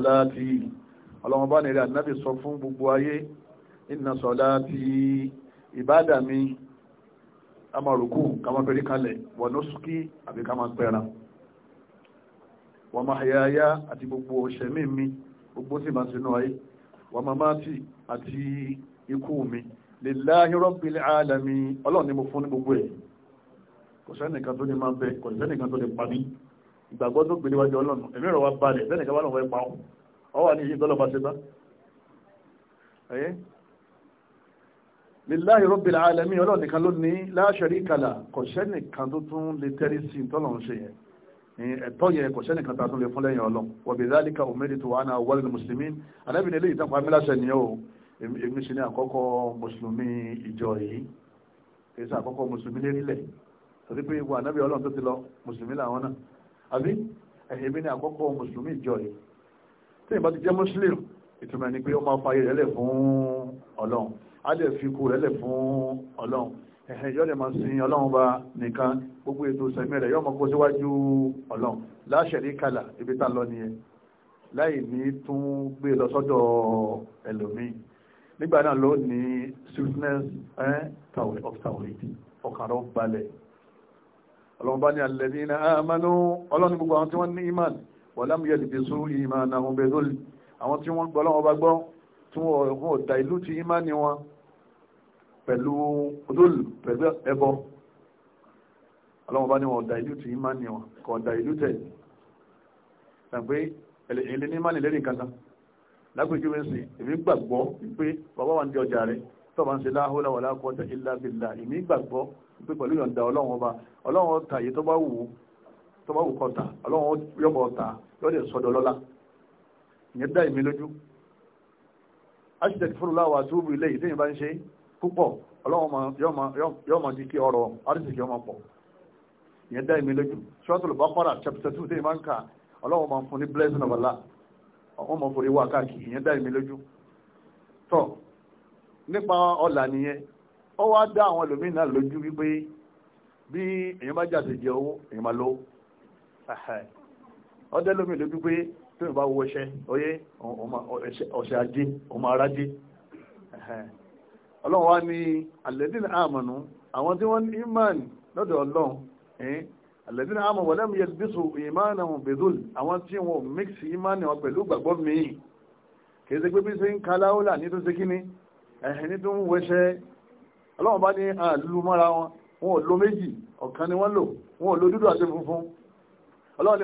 S1: ọlọ́run bá nìrẹ́ inna salati ìbádà mi a máa rùkú ká máa fẹ́rí kalẹ̀ wa nusuki àbí ká máa pẹ́ra wa mahyaya àti gbogbo ṣẹ̀mí mi gbogbo sì máa sinú ayé wa mamati àti ikú mi lillahi rabbil alamin ọlọ́run ni mo fún ní gbogbo ẹ̀ kò sẹ́nìkan tó ní máa bẹ kò sẹ́nìkan tó ní pa mí ìgbàgbọ́ tó gbèlé wájú ọlọ́run ẹ̀mí rẹ̀ wá balẹ̀ sẹ́nìkan wà lọ́wọ́ ẹ̀ pa ọ́ wà ní ìyí tọ́lọ́ bá ṣe bá lillahi rabbil alamin ọlọ́run nìkan ló ní la sharika lah kò sẹ́nìkan tó tún lè tẹ́rí sí tọ́lọ̀ ń ṣe yẹn ẹ̀tọ́ yẹ kò sẹ́nìkan tààtún lè fún lẹ́yìn ọlọ́run wa bidhalika umirtu wa ana awwalul muslimin alábìnrin eléyìí tán pàmílà sẹ́niyàn o èmi sì ní àkọ́kọ́ mùsùlùmí ìjọ yìí kì í sẹ́ àkọ́kọ́ mùsùlùmí lérílẹ̀ torí pé ipò ànábì ọlọ́run tó ti lọ mùsùlùmí làwọn náà àbí ìtumọ̀ ni pé ó máa fa ayé rẹ̀ lẹ̀ fún ọlọ́run a lè fi ikú rẹ̀ lẹ̀ fún ọlọ́run ẹ̀hẹ̀ yọ́ lè máa sin ọlọ́run bá nìkan gbogbo ètò sẹ̀mí rẹ̀ yọ́ máa kó síwájú ọlọ́run la sharika lah ibi tá lọ nìyẹn láì ní tún gbé lọ sọ́dọ̀ ẹlòmíì nígbà náà ló ní sweetness of tawhid ọkàn rẹ̀ balẹ̀ ọlọ́run bá ní alladhina amanu ọlọ́run gbogbo àwọn tí wọ́n ní iman walam yalbisu imanahum bi dhulm àwọn tí wọ́n gbọ́ ọlọ́run bá gbọ́ tí wọ́n da ìlú ti imani wọn pẹ̀lú òdòlù pẹ̀lú ẹbọ ọlọ́wọ́n bá ní wọn ọ̀dà ìlú tí ń máa ní wọn kọ̀ ọ̀dà ìlú tẹ̀ ṣàpé èlé ní máa ní lẹ́rìn kankan lápèjú mi sì èmi gbàgbọ́ pé bàbá wa ń di ọjà rẹ̀ tó bá ń ṣe la hawla wala quwwata illa billah èmi gbàgbọ́ pé pẹ̀lú ìyọ̀ǹda ọlọ́wọ́n bá ọlọ́wọ́n ta èyí tó bá wù tó bá wù kọ́ ta ọlọ́wọ́n yọ̀bọ̀ ta yọ̀dẹ̀ sọ́dọ̀ lọ́la ìyẹn dá èmi lójú púpọ̀ ọlọ́run yóò máa di kí ọrọ̀ àrísìkí ọmọ pọ̀ ìyẹn dá ìmí lójú Suratul Baqara chapter two tẹ́yìn ọlọ́run máa fún ní blessing of Allah ọmọ máa forí wá káàkiri ìyẹn dá ìmí lójú tọ́ nípa ọ̀là nìyẹn ó wá dá àwọn ẹlòmíín náà lójú wípé bí èèyàn bá jáde jẹ owó èèyàn máa lówó ọdẹ lómi lójú pé tóyìn bá wọ ọṣẹ ọyẹ ajé ọlọ́run wá ní alẹ́dínà àmọ̀nù àwọn tí wọ́n ní imán lọ́dọ̀ ọlọ́run ẹ̀yìn alẹ́dínà àmọ̀ wọ́n lẹ́mú yẹn bísù imán àwọn bẹ̀dùl àwọn tí wọ́n mixi imán wọn pẹ̀lú gbàgbọ́ míì kì í ṣe pé bí ṣe ń ka láwùlà ní tó ṣe kíní ẹ̀hìn ní tó ń wẹṣẹ́ ọlọ́run bá ní àlú mọ́ra wọn wọn ò lo méjì ọ̀kan ni wọ́n lò wọn ò lo dúdú àti funfun ọlọ́run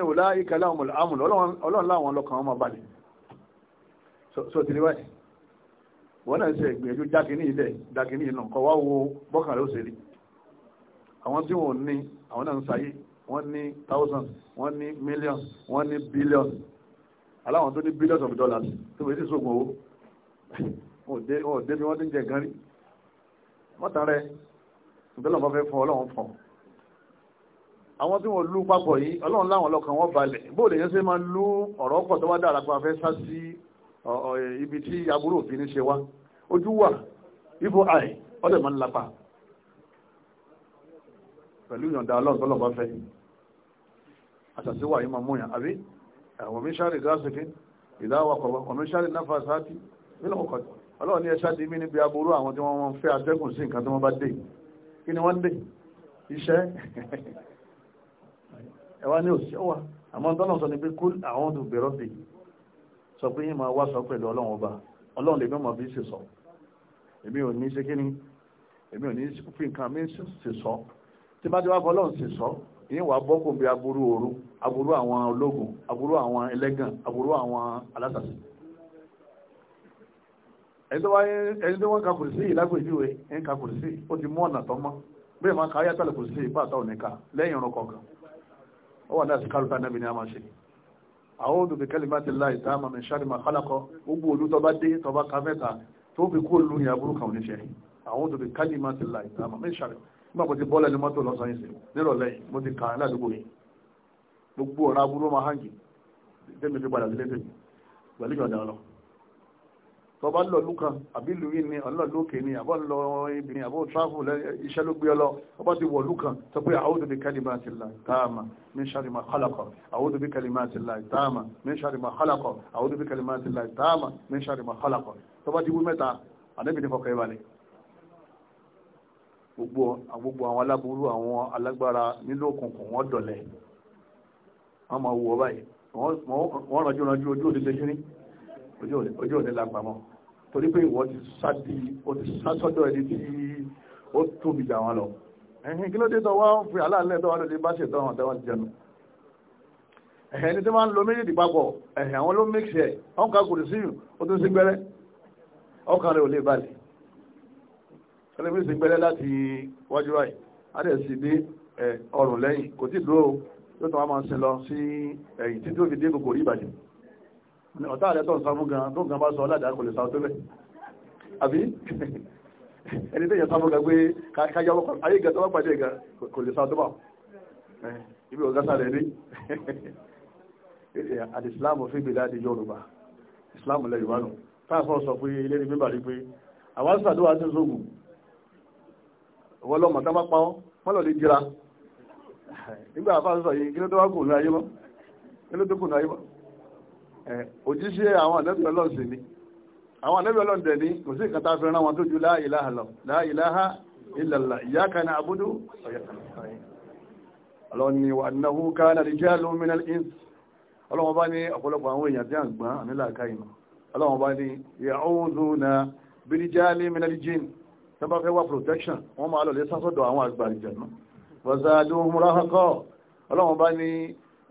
S1: ni wò wọ́n náà ṣe ìgbìyànjú jákìní ilẹ̀ jákìní ìlànà kọ wá wo bọ́kàn rẹ̀ ó ṣe rí àwọn tí wọ́n ní àwọn náà ń sayé wọ́n ní thousands wọ́n ní millions wọ́n ní billions aláwọn tó ní billions of dollars tó wọ́n ti sógun owó wọn ò débi wọ́n ti ń jẹ gan rí mọ́tàn rẹ̀ ìtọ́lọ́ bá fẹ́ fún ọlọ́run fún àwọn tí wọ́n lú papọ̀ yìí ọlọ́run láwọn ọlọ́kan wọ́n balẹ̀ bóòlù yẹn ṣe máa lú ọ̀rọ̀ pọ̀ tó wá dára pé a fẹ́ sá sí ibi tí aburú òfin ṣe wá ojú wà ifo àì ọdẹ máa ń lapa pẹ̀lú ìyọ̀ǹda ọlọ́run tọ́lọ̀ bá fẹ́ àtàtí wà yìí máa mú yàn àbí àwọn mẹ́ṣáàrì gáàsìkì ìdáwà kọ̀wọ́ àwọn mẹ́ṣáàrì náfà sáàtì nílẹ̀ ọkọ̀ ọlọ́run ní ẹṣá di mí níbi aburú àwọn tí wọ́n fẹ́ atẹ́gùn sí nǹkan tí wọ́n bá dé sọ ni pé kúl àwọn tó bẹ̀rọ̀ sí sọ pé yín máa wá sọ pẹ̀lú ọlọ́run ọba ọlọ́run lè mọ̀ bí ṣe sọ̀rọ̀ èmi ò ní ṣe kí ni èmi ò ní fi nǹkan mi ṣe sọ tí bá ti wá fọlọ́run ṣe sọ ìyẹn wà bọ́ kò bí aburú òru aburú àwọn ológun aburú àwọn ẹlẹ́gàn aburú àwọn alásàsì ẹni tó wọ́n ka kùrìsì yìí lágbèjúwe ń ka kùrìsì ó ti mú ọ̀nà tó mọ́ bẹ́ẹ̀ máa ka ayátàlẹ̀ kùrìsì yìí pàtó nìka lẹ́yìn ọ̀rọ̀ kọ̀ọ̀kan ó wà náà sí àwọn olùdókẹ́lì bá ti láì tá a máa gbogbo olú tó dé tó bá mẹ́ta tó fi kó lórí aburú kan oníṣẹ́ àwọn tó fi kálí máa ti la ìtàmà mí ṣàlẹ̀ nígbà mo ti bọ́ lẹ́nu mọ́tò lọ́sàn yìí sí nírọ̀lẹ́ yìí mo ti kà á ládùúgbò yìí gbogbo ọ̀rọ̀ aburú máa hàngì tẹ́mi fi padà sílé tèmi pẹ̀lú ìjọba ọ̀nà tọba lọ lúkan àbí lùyìn ni ọ̀nà lókè ni àbọ̀ lọ ibìnrin àbọ̀ tráfù iṣẹ́ ló gbé ọ lọ ọba ti wọ̀ lúkan sọ pé a'udhu bi kalimati llahi taama min sharri ma khalaqa a'udhu bi kalimati llahi taama min sharri ma khalaqa a'udhu bi kalimati llahi taama min sharri ma khalaqa tó bá ti wú mẹ́ta ànábì ní fọkàn ìbàlẹ̀ gbogbo gbogbo àwọn aláburú àwọn alágbára nílò òkùnkùn wọ́n dọ̀lẹ̀ wọ́n máa wù ọ báyìí wọ́n rànjú rànjú ojú òde lè kíní ojú òde lágbàmọ́ torí pé ìwọ ti sádi o ti sásọ́dọ̀ ẹni tí ó tóbi jà wọn lọ ẹ̀hìn kí ló dé tọwọ́ ń fi aláàlẹ́ tọwọ́ lóde bá ṣe tọwọ́ tẹwọ́ jẹnu ẹ̀hìn ẹni tí wọ́n lo méjèèjì papọ̀ ẹ̀hìn àwọn ló mix ẹ̀ wọ́n ká kùrìsíyù ó tún sí gbẹ́rẹ́ ọkàn rẹ̀ ò lè balẹ̀ ẹlẹ́mìsì gbẹ́lẹ́ láti wájú dé ọrùn lẹ́yìn kò tí dúró yóò tán wá máa ń lọ sí ẹ̀yìn títí ó fi dé kòkò ìbàjẹ́ ọ̀tá àrẹ tó ń gan tó gan bá sọ kò lè àbí ẹni tó yẹ sá fún gan pé kájá ayé gan tó bá pàdé gan kò ibi ọ̀gá rí fi Yorùbá táàfọ́ sọ pé ilé ní bíbà rí pé àwọn àṣàdúwà tí ó sógùn ọwọ́lọ́mọ̀ tá bá pa ọ́ mọ́lọ̀ lè jíra nígbà àfáàsọ yìí kí ló tó wá kùnrin ayé mọ́ kí ló tó kùnrin ayé mọ́ òjíṣẹ́ àwọn ànábì Ọlọ́run ni àwọn ànábì Ọlọ́run dẹ̀ kò sí nǹkan fi rán wọn tó ju la ilaha illallah ọlọ́run bá ní ya'uduna birijali minal jinn tó bá fẹ́ wá protection wọ́n máa lọ lé sásọ̀dọ̀ àwọn àgbà àlìjẹ̀nú wazaduhum rahaqa ọlọ́run bá ní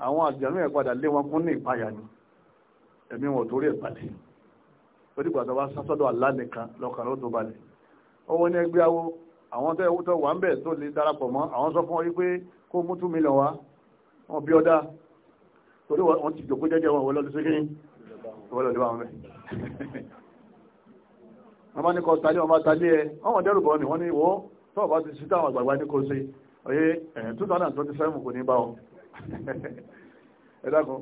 S1: àwọn àlìjẹ̀nú ẹ̀ padà lé wọn kún ní ìpayà ni ẹ̀mí wọn torí ẹ̀ balẹ̀ ó dìgbà tó bá sásọ̀dọ̀ Allah nìkan lọ́kàn ló tó balẹ̀ million wá wọn bí ọdá torí wọn ti ìwọ́lọ̀ lè wà wọn bẹ́ẹ̀ wọ́n bá ní kọ́ talé wọn bá talé ẹ wọ́n wọ́n dẹ́rù ni wọ́n ní wọ́ tọ́wọ́ bá ti sí táwọn àgbàgbà ní kò sí oyé two thousand twenty seven kò ní bá wọn ẹ dákun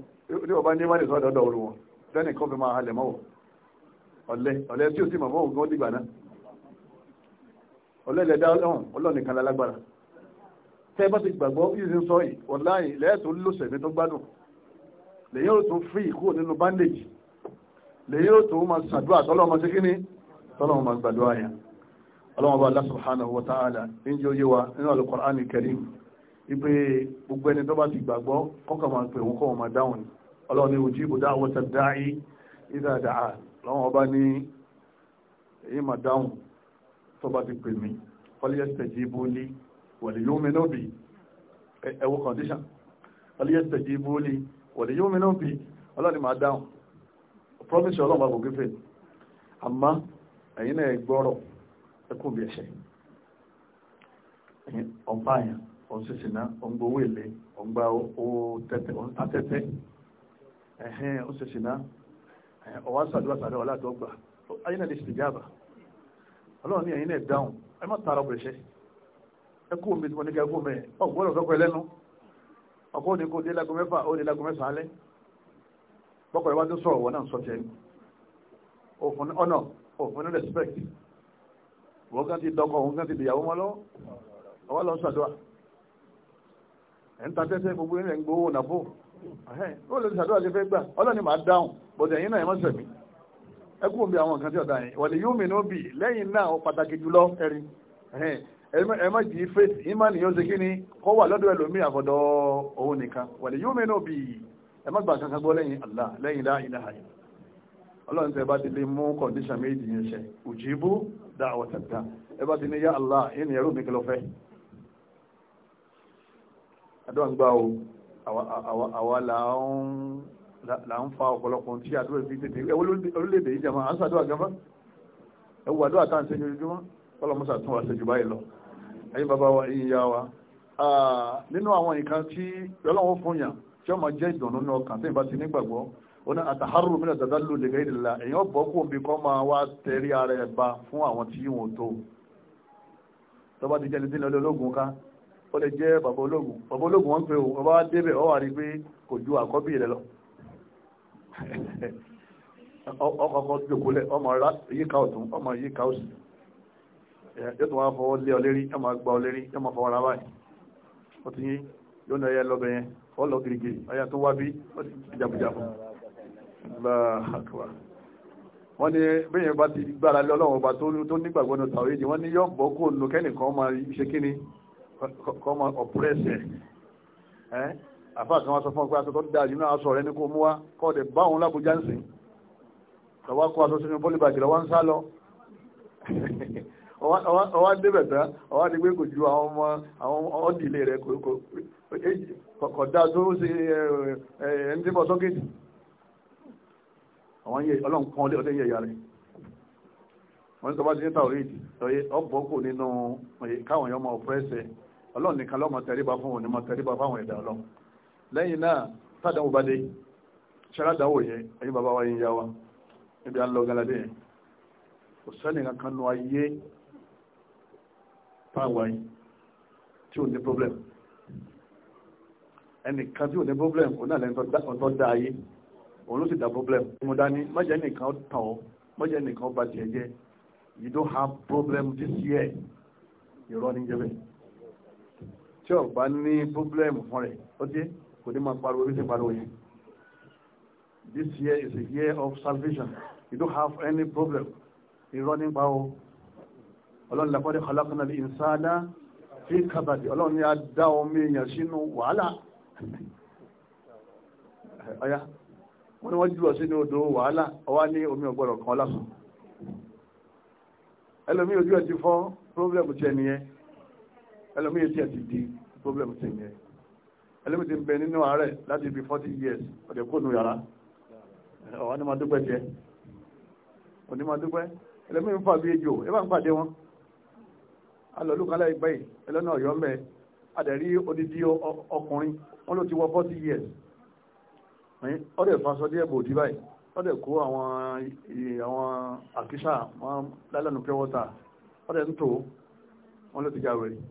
S1: ní ọba ní má ní sọ́dọ̀ ọ̀dọ̀ orí wọn sẹ́ni kan fi máa halẹ̀ mọ́wọ́ ọ̀lẹ́ ọ̀lẹ́ tí ò sì mọ̀ mọ́ ògùn ó dìgbà náà ọ̀lẹ́ ilẹ̀ dá ọlọ́run ọlọ́run nìkan lálágbára bandage lèyí ó tó máa sàdúrà tọ́lọ́ ọmọ sí kíní tọ́lọ́ ọmọ gbàdúrà yẹn ọlọ́wọ́n bá Allah subhanahu wa ta'ala níjẹ́ oyé wa nínú al-Qur'an al-Karim ipe gbogbo ẹni tó bá ti gbàgbọ́ kọ́kọ́ máa pè wọ́n kọ́ wọn máa dáhùn ni ọlọ́wọ́n ní ujibu da'wata da'i idha da'a lọ́wọ́n bá ní èyí máa dáhùn tó ti pè mí falyastajibu li waliyu'minu bi ẹ̀wọ̀ condition falyastajibu li waliyu'minu bi ọlọ́ni máa dáhùn promise ọlọ́run bá kò gbé fèlè àmọ́ ẹ̀yin náà gbọ́rọ̀ ẹkùn bí ẹ̀ṣẹ̀ ọ̀pá àyàn òun sì sì náà òun gbowó èlé òun gba owó tẹ́tẹ́ ẹ̀hẹ́n òun sì sì náà ọ̀wá sàdúrà sàdúrà ọ̀làdọ́ gbà ayé náà lè ṣe ìjábà ọlọ́run ní ẹ̀yin náà dáhùn ẹ má tààrà ọ̀bẹ̀ṣẹ́ ẹkú omi tí mo ní bọ́kọ̀ rẹ̀ wá tó sọ̀rọ̀ wọn náà sọ tẹ́ni òfin ọ̀nà òfin respect wọ́n kàn ti dọ́kọ̀ òun kàn ti dìyàwó wọn lọ ọwọ́ lọ sàdúrà ẹ̀ ń ta tẹ́tẹ́ gbogbo ẹ̀ ń gbowó nàbó ó lè sàdúrà ṣe fẹ́ gbà ọlọ́ni màá dáhùn bọ̀dẹ̀ yín náà ẹ̀ mọ́sẹ̀ mi ẹ kú omi àwọn nǹkan tí ọ̀dà yẹn wọ̀lẹ̀ yóò mìíràn bì lẹ́yìn náà ó pàtàkì jùlọ ẹ̀rí ẹ jì í faith ìmánìyàn ṣe kí ni kọ́ wà lọ́dọ̀ ẹlòmíì àfọ̀dọ̀ òun nìkan wọ̀lẹ̀ yóò mìíràn bì í ẹ má gbà kankan gbọ́ lẹ́yìn Allah lẹ́yìn la ilaha illa ọlọ́run tẹ bá ti lè mú kọ̀díṣàn méjì yẹn ṣe ujibu da'wata da ẹ bá ti ní yá Allah yìí ni ẹrú mi kìlọ̀ fẹ́ àdúrà ń gbà o àwa là ń fa ọ̀pọ̀lọpọ̀ tí àdúrà fi tètè ẹ olólédè yìí jẹ̀mọ́ à ń sàdúrà gánfà ayé bàbá wa ìyá wa nínú àwọn nǹkan tí ọlọ́run fún yàn tí ó máa jẹ́ ìdùnnú ní ọkàn tí ìbá ti nígbàgbọ́ ó ní àtàhárù mílẹ̀ dàdá ló lè gẹ́gẹ́ ìlà èèyàn bọ́ kó omi kọ́ máa wá tẹ̀rí ara ẹ̀ ba fún àwọn tí wọn tó tó bá ti jẹ́ nítorí ọlọ́ ológun ká ó lè jẹ́ bàbá ológun bàbá ológun wọn pe o bàbá débẹ̀ ọ wà rí pé kò ju àkọ́bí rẹ lọ ọkọ̀ kan jòkó lẹ̀ ọmọ yíká ọ̀tún ọmọ yíká òsì yóò tún wá fọwọ́ lé ọ lérí yóò máa gba ọ lérí yóò máa fọwọ́ ra báyìí ó ti yín yóò náà yẹ lọ́bẹ̀ yẹn wọ́n lọ gírígì àyà tó wá bí wọ́n ti jàbùjàbù láàkùwà wọ́n ní bẹ́yẹn bá ti gbára lé ọlọ́run ọba tó nígbàgbọ́ ní tàwé ni wọ́n ní yọ́ bọ́ kó nù kẹ́nìkan máa ṣe kíni kọ́ máa ọ̀pẹ́rẹ́sẹ̀ ẹ́ àfáà kan wá sọ fún ọ pé aṣọ tó dáa jù náà aṣọ rẹ ní kó mú wá kọ́ ọwá débẹ̀ ọwá ni pé kò ju àwọn ọmọ ọdìlé rẹ kò kọ̀dá tó ṣe ẹni tí bọ̀ sọ́kẹ́tì àwọn yẹ ọlọ́run kan ọdẹ yẹ ìyá rẹ̀ wọ́n ní tọ́ba ti ní tàwíìdì lọ́yẹ ọ̀bọ̀ kò nínú káwọn èèyàn máa fẹ́ẹ́sẹ̀ ọlọ́run nìkan lọ́mọ tẹríba fún òun ni mọ tẹríba fáwọn ẹ̀dá ọlọ́run lẹ́yìn náà tádàwọ̀ bá dé ṣẹ́rádàwọ̀ yẹ ẹ̀yin bàbá wa yín yá wa níbi à ń lọ galadé yẹn kò sẹ́ni kankan nu ayé táwa yìí tí ò ní pọ́blẹ́mù ẹnìkan tí ò ní problem òun náà lẹ́nu tó dá ayé òun ló sì dá problem mo dání mọ́jẹ́ nìkan tàn ọ́ mọ́jẹ́ nìkan ba tiẹ̀ jẹ́ you don't have problem this year ìrọ́ ní jẹ́ bẹ́ẹ̀ tí ò bá ní problem fún rẹ̀ ó dé kò ní máa pariwo bí ṣe pariwo yẹn this year is a year of salvation you don't have any problem ìrọ́ nípa o ọlọ́run làkọ́dé kọlákùnrin ìnsáná fi kábàdì ọlọ́run ni a dá omi èèyàn sínú wàhálà ọ̀yá wọ́n ni wọ́n jùlọ sínú odò wàhálà ọwá ní omi ọgbọ́dọ̀ kan lásán ẹlòmí ojú ẹ ti fọ́ problem tiẹ̀ nìyẹn ẹlòmí etí ẹ ti di problem tiẹ̀ nìyẹn ẹlòmí ti bẹ nínú àárẹ̀ láti ibi forty years ọ̀dẹ̀ kóònù yàrá ọ̀wá ni máa dúpẹ́ tiẹ̀ òní máa dúpẹ́ ẹlòmí ń fà bí ejò ẹ bá ń pàdé wọn alọ̀lú kálá ìgbẹ́ yìí ẹlọ́nà ọ̀yọ́ mẹ́ẹ̀ adẹ̀rí odidi ọkùnrin wọ́n ló ti wọ forty years ọdẹ̀ fasọ díẹ̀ bò dí báyìí ọdẹ̀ kó àwọn àwọn àkísà wọn lálẹ́nu pure water ọdẹ̀ ń tò wọ́n ló ti já wẹ̀rẹ̀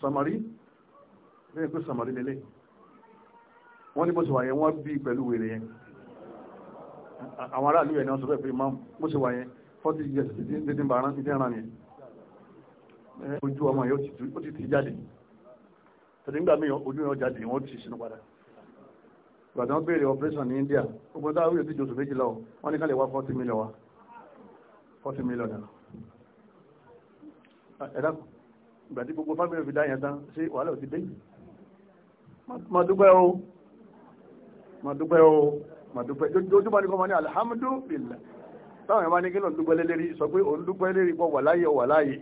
S1: samari lẹ́yìn pé samari lélẹ̀ wọ́n ní bó ṣe wà yẹn wọ́n bí pẹ̀lú wèrè yẹn àwọn aráàlú yẹn ni wọ́n sọ fẹ́ pé máa bó ṣe wà forty years ti dín bàrán ti Eh, ojú ọmọ yóò ti tì jáde tẹ̀lé nígbà míì ojú yóò jáde wọ́n ti sinú padà ìgbàdá wọn béèrè operation ní India gbogbo dáa wíyọ̀ tí jòsù méjì lọ wọ́n ní ká lè wá 40 million wá 40 million náà ah, ẹ̀dá ìgbàdí gbogbo fábílì fi dáyẹ̀ tán sí wàhálà ò ti dé ma dúpẹ́ o ma dúpẹ́ o ma dúpẹ́ ojúmọ́ ní kọ́ ma ní alhamdulillah táwọn ẹ̀ máa ní kí lọ́n dúpẹ́ lélérí sọ pé òun dúpẹ́ lélérí pọ̀ wà láyé wà láyé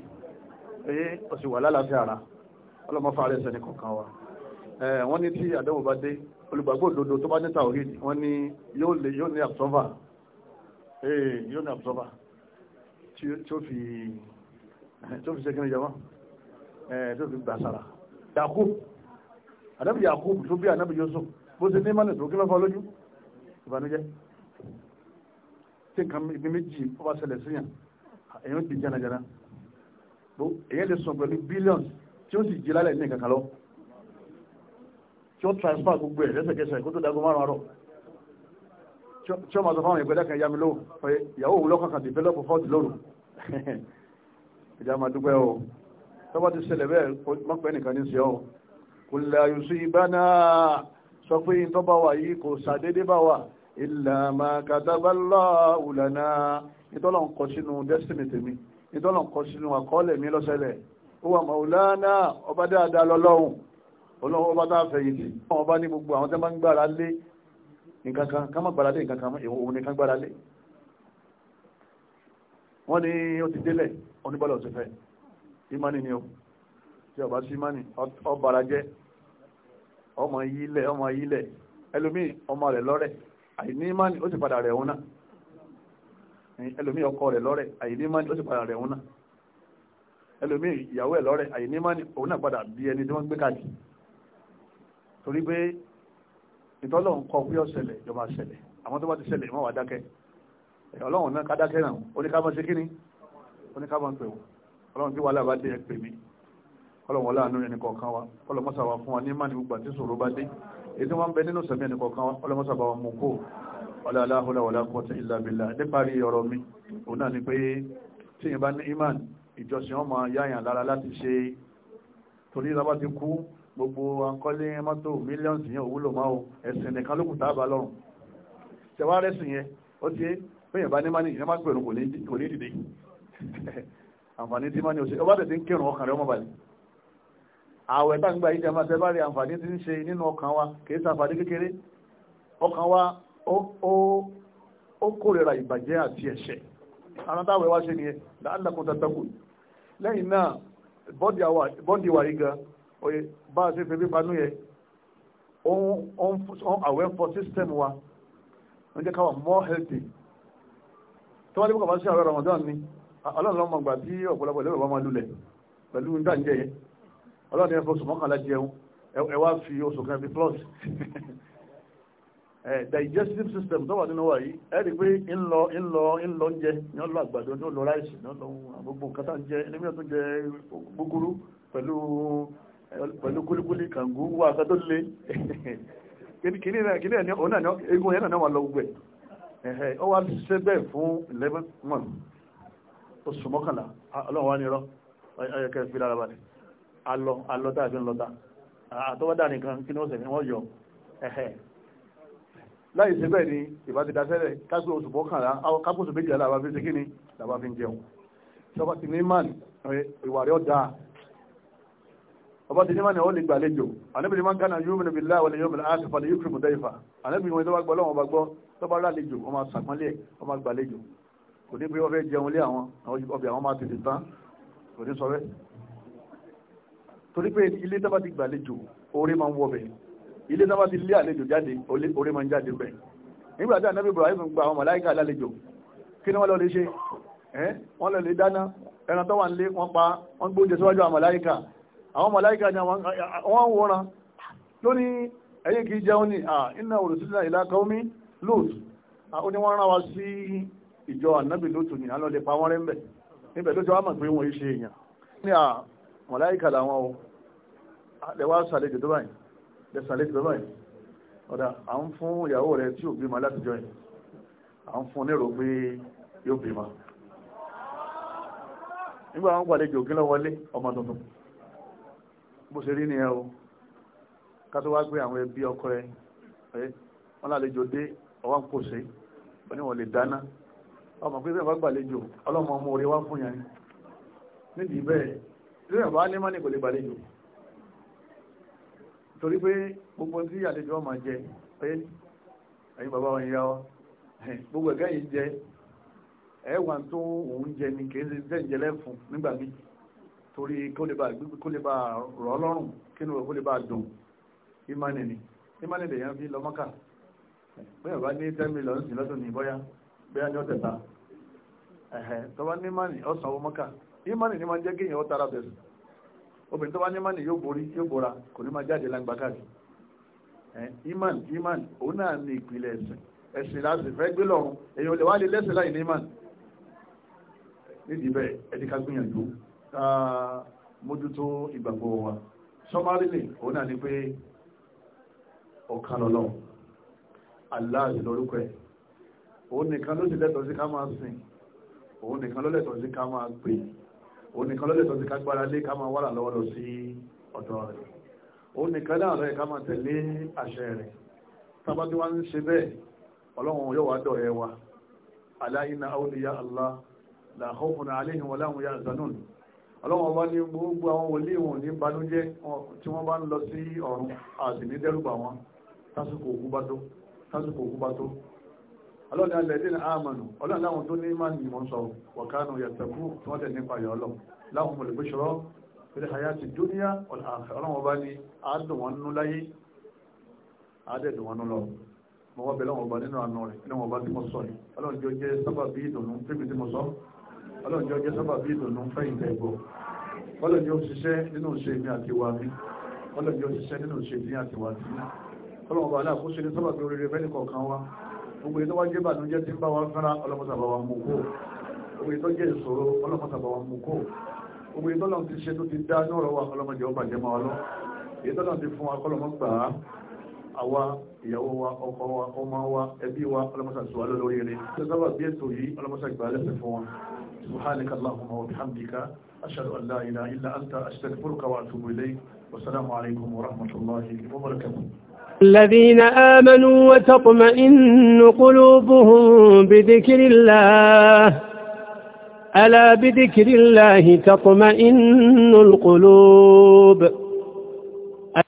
S1: ee o sì wà lálàáfíà ara ọlọ́mọ fàárẹ̀ sẹ́ni kọ̀ọ̀kan wa wọ́n ní tí àdánwò bá dé olùgbàgbọ́ òdodo tó bá ní tawhid wọ́n ní yóò lè yóò ní absorber ee yóò ní absorber tí ó fi tó fi ṣẹ́kìnrin jẹ́ wọ́n tó fi gbà sára Yakub ànábì Yakub tó bí ànábì Yusuf bó ṣe ní mánà tó kí lọ́fọ́ lójú ìbànújẹ́ tí nǹkan ibi méjì ó bá ṣẹlẹ̀ síyàn èèyàn ti jẹ́najẹ́na èyí lè sùn pẹ̀lú billions tí ó sì jí lálẹ́ ní kankan lọ tí ó transfer gbogbo ẹ̀ lẹ́sẹ̀kẹsẹ̀ kó tó dago márùn arọ tí ó máa sọ fáwọn ìpẹ́lẹ́ kan yami lóhùn pé ìyàwó òun lọ́kàn kan develop fọ́ọ̀tì lóru ìjà máa dúpẹ́ o tọ́wọ́ ti ṣẹlẹ̀ bẹ́ẹ̀ mọ́pẹ́ nìkan ní sí ọ́ kò lè àyùsí ìbáná sọ pé ìtọ́ bá wà yìí kò sàdédé bá wà ìlàmà kàtàbálà òlànà ìtọ́lọ̀ ń kọ sínú destiny tèmi ìtọ́nà kọ sínú àkọọ́lẹ̀ mi lọ́sẹ̀lẹ̀ ó wà màúlánà ọba dáadáa lọ́lọ́hùn ọlọ́run ọba tá a fẹ̀yìntì àwọn ọba ní gbogbo àwọn tẹ́ máa ń gbára lé nǹkan kan ká má gbára lé nǹkan kan èwo òun nìkan gbára lé wọ́n ní ó ti délẹ̀ oníbọ̀lọ̀ ti fẹ́ ìmánì ni ó tí ọba sí ìmánì ọbàrà jẹ́ ọmọ yílẹ̀ ọmọ yílẹ̀ ẹlòmíì ọmọ rẹ̀ lọ́rẹ̀ àìní ìmánì ó sì padà rẹ̀ òun náà ẹlòmí ọkọ rẹ̀ lọ́rẹ̀ àyíní mani ó sì padà rẹ̀ òun náà ẹlòmí ìyàwó ẹ̀ lọ́rẹ̀ àyíní mani òun náà padà bí ẹni tí wọ́n gbé káàdì torí pé ìtọ́lọ̀ ń kọ pé ọ̀sẹ̀lẹ̀ ìjọba ṣẹlẹ̀ àwọn tó bá ti ṣẹlẹ̀ ìmọ̀wá dákẹ́ ọlọ́run náà ká dákẹ́ náà oníkámọ́ ṣe kíni oníkámọ́ pè wọ́n ọlọ́run tí wàhálà bá dé ẹ pè mí ọlọ́run wọlé àánú ẹnì kọ̀ọ̀kan wa ọlọ́mọ́sà wa fún wa ní mánìí gbogbo àti sòrò bá dé èyí tí wọ́n ń bẹ nínú sẹ̀mí ẹnì kọ̀ọ̀kan wa ọlọ́mọ́sà bá wa mú kó wala aláhùlá wala quwwata illa billah níparí ọ̀rọ̀ mi òun náà ni pé tí yìnbá ní iman ìjọsìn ọmọ yáyàn lára láti ṣe torí ìlàbá ti kú gbogbo akọ́lé mọ́tò mílíọ̀nsì yẹn òwúlò máa o ẹ̀sìn nìkan ló kù tá a bá lọ́rùn ṣẹ̀wá rẹ̀sìn yẹn ó ti péyàn bá ní mání ìyẹn má pèrò kò ní dìde àǹfààní tí mání òṣèlú ọba tètè ń kírun ọkàn rẹ̀ ọmọ balẹ̀ ààwẹ̀ tá ó kórìíra ìbàjẹ́ àti ẹ̀ṣẹ̀ àwọn táwọn ẹwà ṣe ni ẹ láàlàkùn tàtàkù lẹ́yìn náà bọ́dì wà yíga oye bá a ṣe fi bí banú yẹ àwẹ̀ fọ system wa wọ́n jẹ́ káwà more healthy tó wá ní bọ́kà bá ṣe àwẹ̀ Ramadan ni ọlọ́run lọ́mọ gbà ọ̀pọ̀lọpọ̀ ilé máa lulẹ̀ pẹ̀lú sùmọ́kànlá jẹun fi oṣù kan fi plus Eh, digestive system tó wà nínú wa yìí ẹ rí i pé ńlọ ńlọ ńlọ ń jẹ ní ọlọ àgbàdo ní ọlọ ráìsì ní ọlọ gbogbo nǹkan tá à ń jẹ ẹni mìíràn tó jẹ gbúgbúrú pẹ̀lú pẹ̀lú kúlíkúlí kàngú wà ká tó le kìnìún náà kìnìún náà òun náà ní egun yẹn náà wà lọ gbẹ ọ wá ṣiṣẹ́ bẹ́ẹ̀ fún eleven month oṣù mọ́kànlá ọlọ́run wa ni rọ ayọ̀kẹ́ fi lára balẹ̀ alọ alọ tá àfi ńlọ tá àtọwọ́dà nìkan kí ni wọ́n sẹ̀ fi wọ́n yọ láì ṣe bẹ́ẹ̀ ni ìbá ti dasẹ́lẹ̀ kápẹ́ oṣù mọ́kànlá kápẹ́ oṣù méjìlá làbá fi ṣe kí ni làbá fi ń jẹun ṣọba ti ní màn ìwà rẹ̀ ọ̀dà ọba ti ní màn ó lè gbàlejò ànábì ní máa ń gánà yóò mìíràn bíi láwọn ẹ̀yọ́ mìíràn àti falẹ̀ yóò kìrìmù dẹ́yìfà ànábì wọn tó bá gbọ́ lọ́wọ́ bá gbọ́ tó bá lálejò ọmọ sàpọ́nlẹ̀ ọmọ gbàlejò kò ní pé wọ́n fẹ́ jẹun lé àwọn ọbẹ̀ àwọn máa tètè tán kò ní sọ bẹ́ẹ̀ torí pé ilé tó bá ti gbàlejò oore máa ń wọ bẹ́ẹ̀ ilé sábà ti lé àlejò jáde orí máa ń jáde bẹ̀ nígbà tí ànábì Ibrahim gba àwọn màláìka lálejò kí ni wọ́n lọ lè ṣe wọ́n lọ lè dáná ẹran tó wà nílé wọ́n pa wọ́n gbóúnjẹ síwájú àwọn màláìka àwọn màláìka ni wọ́n wòran lórí ẹ̀yẹ kìí jẹun ní à iná òrùsílẹ̀ ìlà kaomi lóòtù ó ní wọ́n rán wa sí ìjọ ànábì lóòtù ní alọ́lẹ̀ pa wọ́n rẹ́ ń bẹ̀ níbẹ̀ ló jọ wá mọ̀ lẹ́sàlẹ́ ti bẹ́ báyìí ọ̀dà à ń fún ìyàwó rẹ̀ tí ò bímọ látijọ́ yìí à ń fún nírò pé yóò bímọ nígbà àwọn pàdéjò kí lọ wọlé ọmọ tuntun bó ṣe rí nìyẹn o ká tó wá gbé àwọn ẹbí ọkọ ẹ wọn lálejò dé ọwọ́n kò sí wọn ni wọn lè dáná ọmọ pé bẹ́ẹ̀ bá gbàlejò ọlọ́mọ ọmọ orí wá fún yẹn nídìí bẹ́ẹ̀ bẹ́ẹ̀ bá ní mọ́nì kò lè gbàlejò torí pé gbogbo tí àlejò ọmọ jẹ pé ẹ̀yin bàbá wọn yá ọ gbogbo ẹ̀gá yìí jẹ ẹ̀wà tó òun jẹ ni kì í ṣe jẹ́ ìjẹlẹ̀ fún nígbà míì torí kó lè bá rọ̀ ọ́ lọ́rùn kí ni kó lè bá dùn ìmánì ni ìmánì lè yàn fi lọ mọ́kà bóyá bá ní ten million sí lọ́dún ní bóyá bóyá ní ọ̀tẹ̀ta ẹ̀hẹ̀ ní ìmánì ọ̀sán owó ìmánì ni máa jẹ́ kéèyàn ó tara bẹ̀rẹ̀ obìnrin tó bá ní mánì yóò borí yóò bora kò ní máa jáde lágbá káàkiri iman iman òun náà ní ìpìlẹ̀ ẹ̀sìn ẹ̀sìn láti fẹ́ gbé lọ́rùn èyàn lè wá lè lẹ́sìn láì ní iman nídìí bẹ́ẹ̀ ẹ̀dí ká gbìyànjú mójútó ìgbàgbọ́ wa sọmárìlì òun náà ní pé ọ̀kan lọ́lọ́ Allah lórúkọ ẹ̀ òun nìkan ló ti lẹ́tọ̀ọ́ sí ká máa sìn òun nìkan ló lẹ́tọ̀ọ́ sí ká máa pè òun nìkan ló lè sọ sí ká gbára lé ká máa wà lọ́wọ́ lọ sí ọ̀dọ̀ rẹ̀ òun nìkan náà lọ́yẹ̀ ká máa tẹ̀lé àṣẹ rẹ̀ tábà tí wọ́n ń ṣe bẹ́ẹ̀ ọlọ́run yóò wá dọ̀rẹ́ wa alā inna awliya Allah lā khawfun ʿalayhim wa lā hum yaḥzanūn ọlọ́run ọlọ́ni alẹ́dínà àmànù ọlọ́ni láwọn tó ní ìmá nìmọ̀ sọ wọ̀kánù yàtẹ̀kú tí wọ́n tẹ̀ nípa yọ ọlọ́ láwọn mọ̀lẹ́gbẹ́ ṣọ́rọ́ ilẹ̀ àyà ti dúníyà ọlọ́wọ́ bá ní àádùn wọn nú láyé àádẹ́dùn wọn nú lọ mọ wọ́n bẹ̀rẹ̀ wọn bá nínú àánú rẹ̀ ilé wọn bá tí mo sọ yìí ọlọ́ni jọ jẹ́ sábà bí ìdùnnú fẹ́mi tí mo sọ ọlọ́ni jọ jẹ́ sábà bí ìdùnnú fẹ́yìn tẹ̀gbọ́ ọlọ́ni jọ ṣiṣẹ́ nínú gbogbo ètò wájú ìbànújẹ́ tí ń bá wa fẹ́ra ọlọ́mọsàbà wa mú kó gbogbo ètò jẹ́ ìṣòro ọlọ́mọsàbà wa mú kó gbogbo ètò náà ti ṣe tó ti dá ní ọ̀rọ̀ wa ọba jẹ́ máa lọ ètò náà ti fún wa gbà á àwa ìyàwó wa ọkọ wa ọmọ wa ẹbí wa ọlọ́mọsàṣọ الذين آمنوا وتطمئن قلوبهم بذكر الله ألا بذكر الله تطمئن القلوب